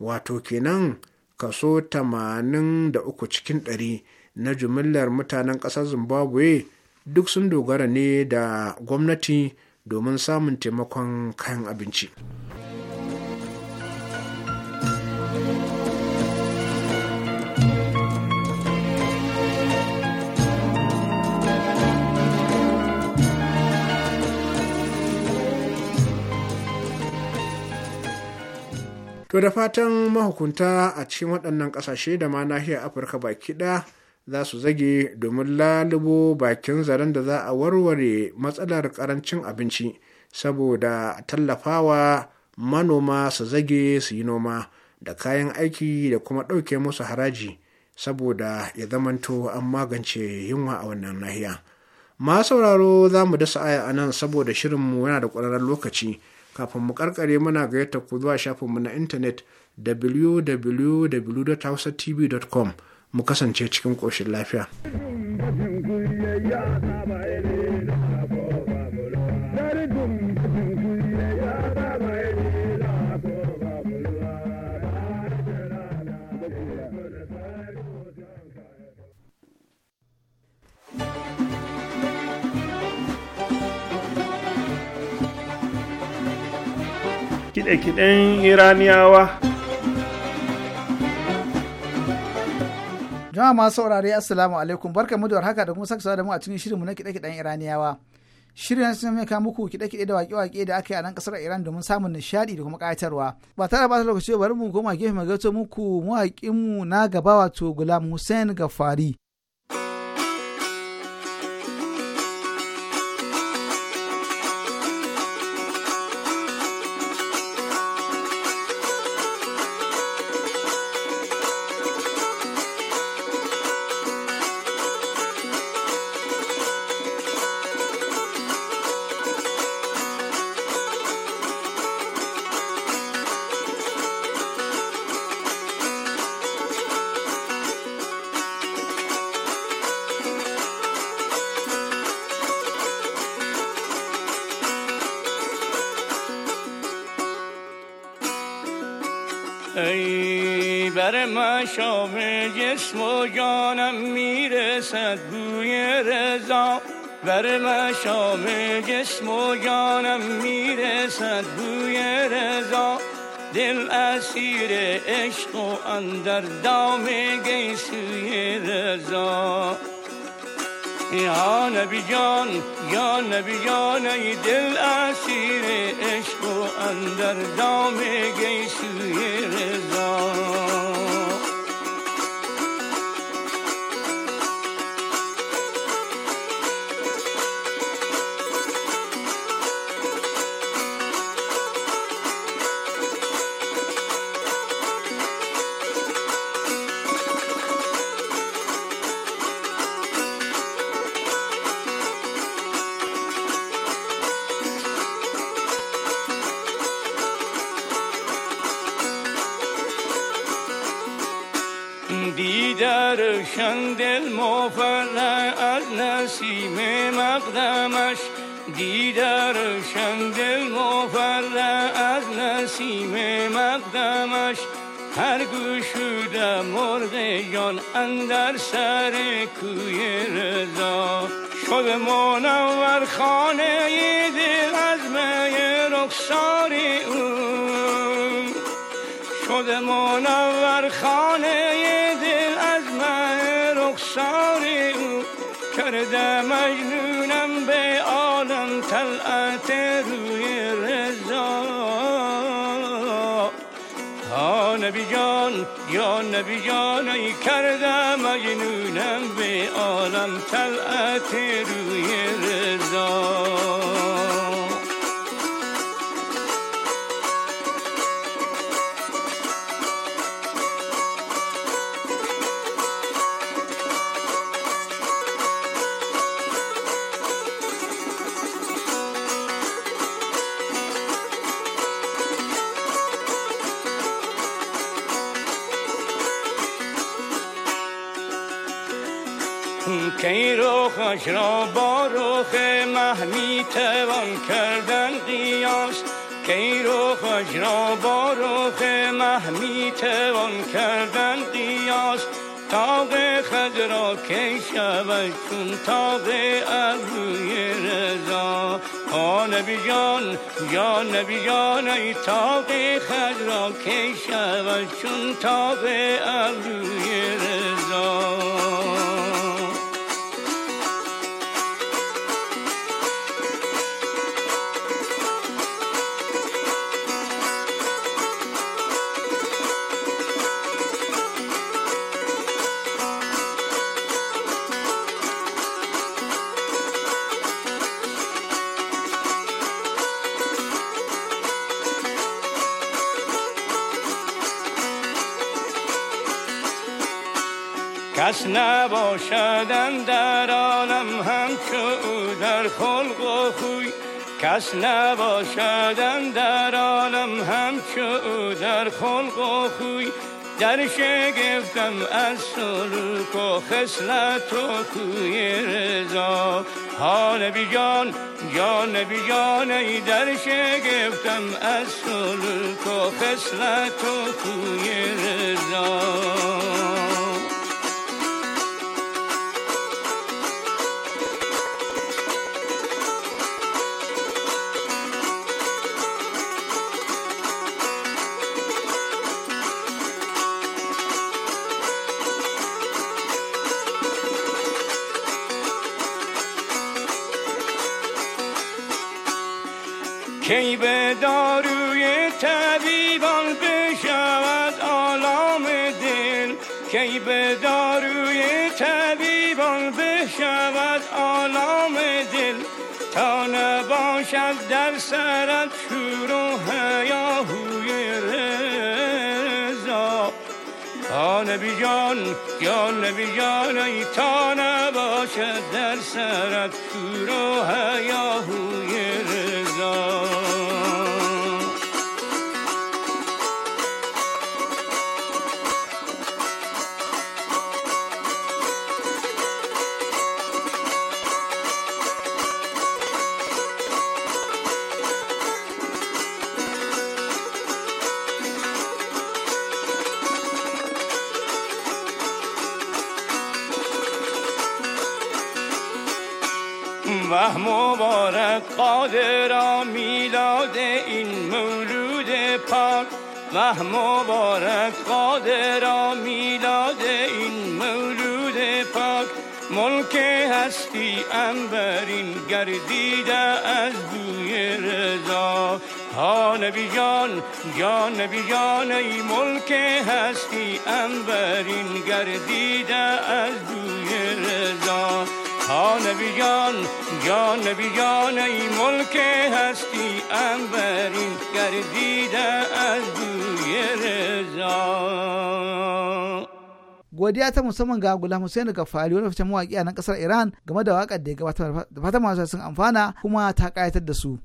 wato kenan kaso 83 cikin ɗari na jumillar mutanen ƙasar zimbabwe duk sun dogara ne da gwamnati domin samun taimakon kayan abinci. To da fatan mahukunta a cikin waɗannan ƙasashe da ma nahiyar Afirka baki ɗaya za su zage domin lalubo bakin zaren da za a warware matsalar karancin abinci saboda tallafawa manoma su zage su yi noma da kayan aiki da kuma ɗauke musu haraji saboda ya zamanto an magance yunwa a wannan nahiya. Ma sauraro za mu dasa aya a nan saboda shirinmu yana da ƙwararren lokaci kafin mu karkare muna gayyata ku zuwa shafinmu na intanet www.hausatv.com mu kasance cikin ƙoshin lafiya. Kiɗe-kiɗen Iraniyawa Jama'a masu saurare Assalamu alaikum barka mu da warhaka da kuma sake da mu a cikin shirinmu na kiɗe-kiɗen Iraniyawa. Shirin na sun ka muku kiɗe-kiɗe da waƙe-waƙe da aka yi a nan ƙasar Iran domin samun nishaɗi da kuma ƙayatarwa. Ba tare ba lokaci bari mu koma gefe mu gato muku mu na gaba wato Gulam Hussein Gafari در مشام جسم و جانم میرسد بوی رضا دل اسیر عشق و اندر دام گیسوی رضا یا نبی جان یا نبی جان ای دل اسیر عشق و اندر دام گیسوی رضا در شند آورده از نسیم مقدمش هر گوشوده مرغ جان اندر سر کوی رضا شد منور خانه دل از می رخسار او شد منور خانه دل از می رخسار او کرده مجنونم به طلعت روی رضا ها نبی جان یا نبی جان ای کرده مجنونم به عالم طلعت روی توان کردن قیاس کی رو خوش را با روخ مه می توان کردن قیاس تاغ خد را کی شود چون تاق ابروی رضا ها نبی جان یا نبی جان ای تاق خد را کی شود چون تاق ابروی رضا نباشدن در عالم که او در خلق و خوی کس نباشدن در عالم که او در خلق و خوی در شگفتم از سلوک و خسلت و کوی رضا حال بی جان جان بی جان ای در شگفتم از سلوک و خسلت و کوی رضا کی به داروی طبیبان بشود آلام دل کی به داروی طبیبان بشود آلام دل تا نباشد در سرت شور و هیاهوی رضا جان یا نبی جان ای تا نباشد در سرت شور و هیاهوی میلاد را میلاد این مولود پاک و مبارک را میلاد این مولود پاک ملک هستی انبرین گردیده از دوی رضا ها نبی جان جان نبی جان ای ملک هستی انبرین گردیده از دوی رضا ها نبی بیگانه بیانه ای ملک هستی انبری گردیده از دوی رضا godiya ta musamman ga gula Hussein Gafari wani fitan mawaƙi a nan ƙasar Iran game da waƙar da ya gabatar da fatan masu sun amfana kuma ta ƙayatar da su.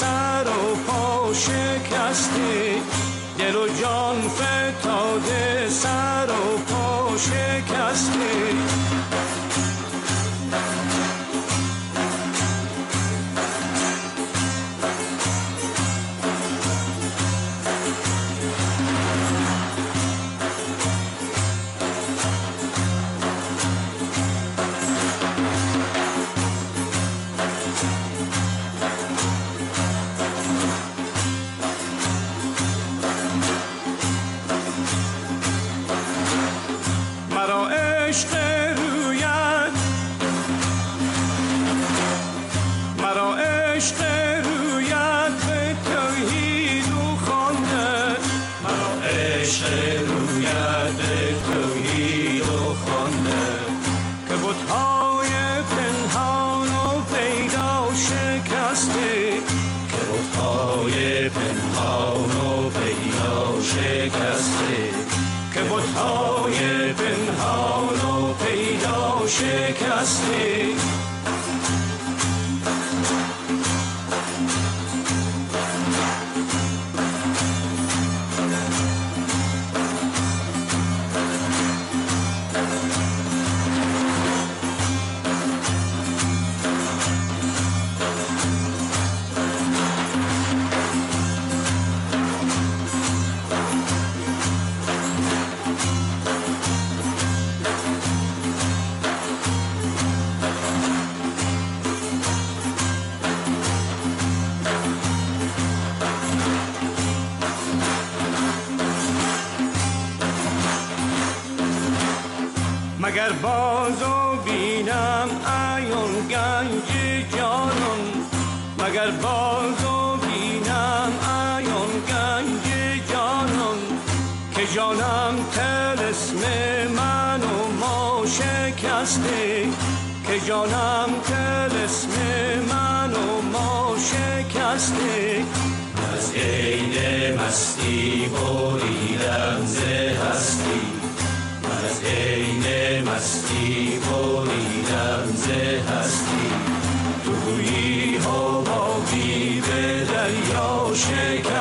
سر و پا شکسته دل و جان فتاده سر بازو بینم ایون گنج جانم مگر بازو بینم ایون گنج جانم که جانم تلسم من و ما شکسته که جانم تلسم من و ما شکسته از عین مستی بریدم ز هستی از عین مستی هستی تویی ها با به دریا شکر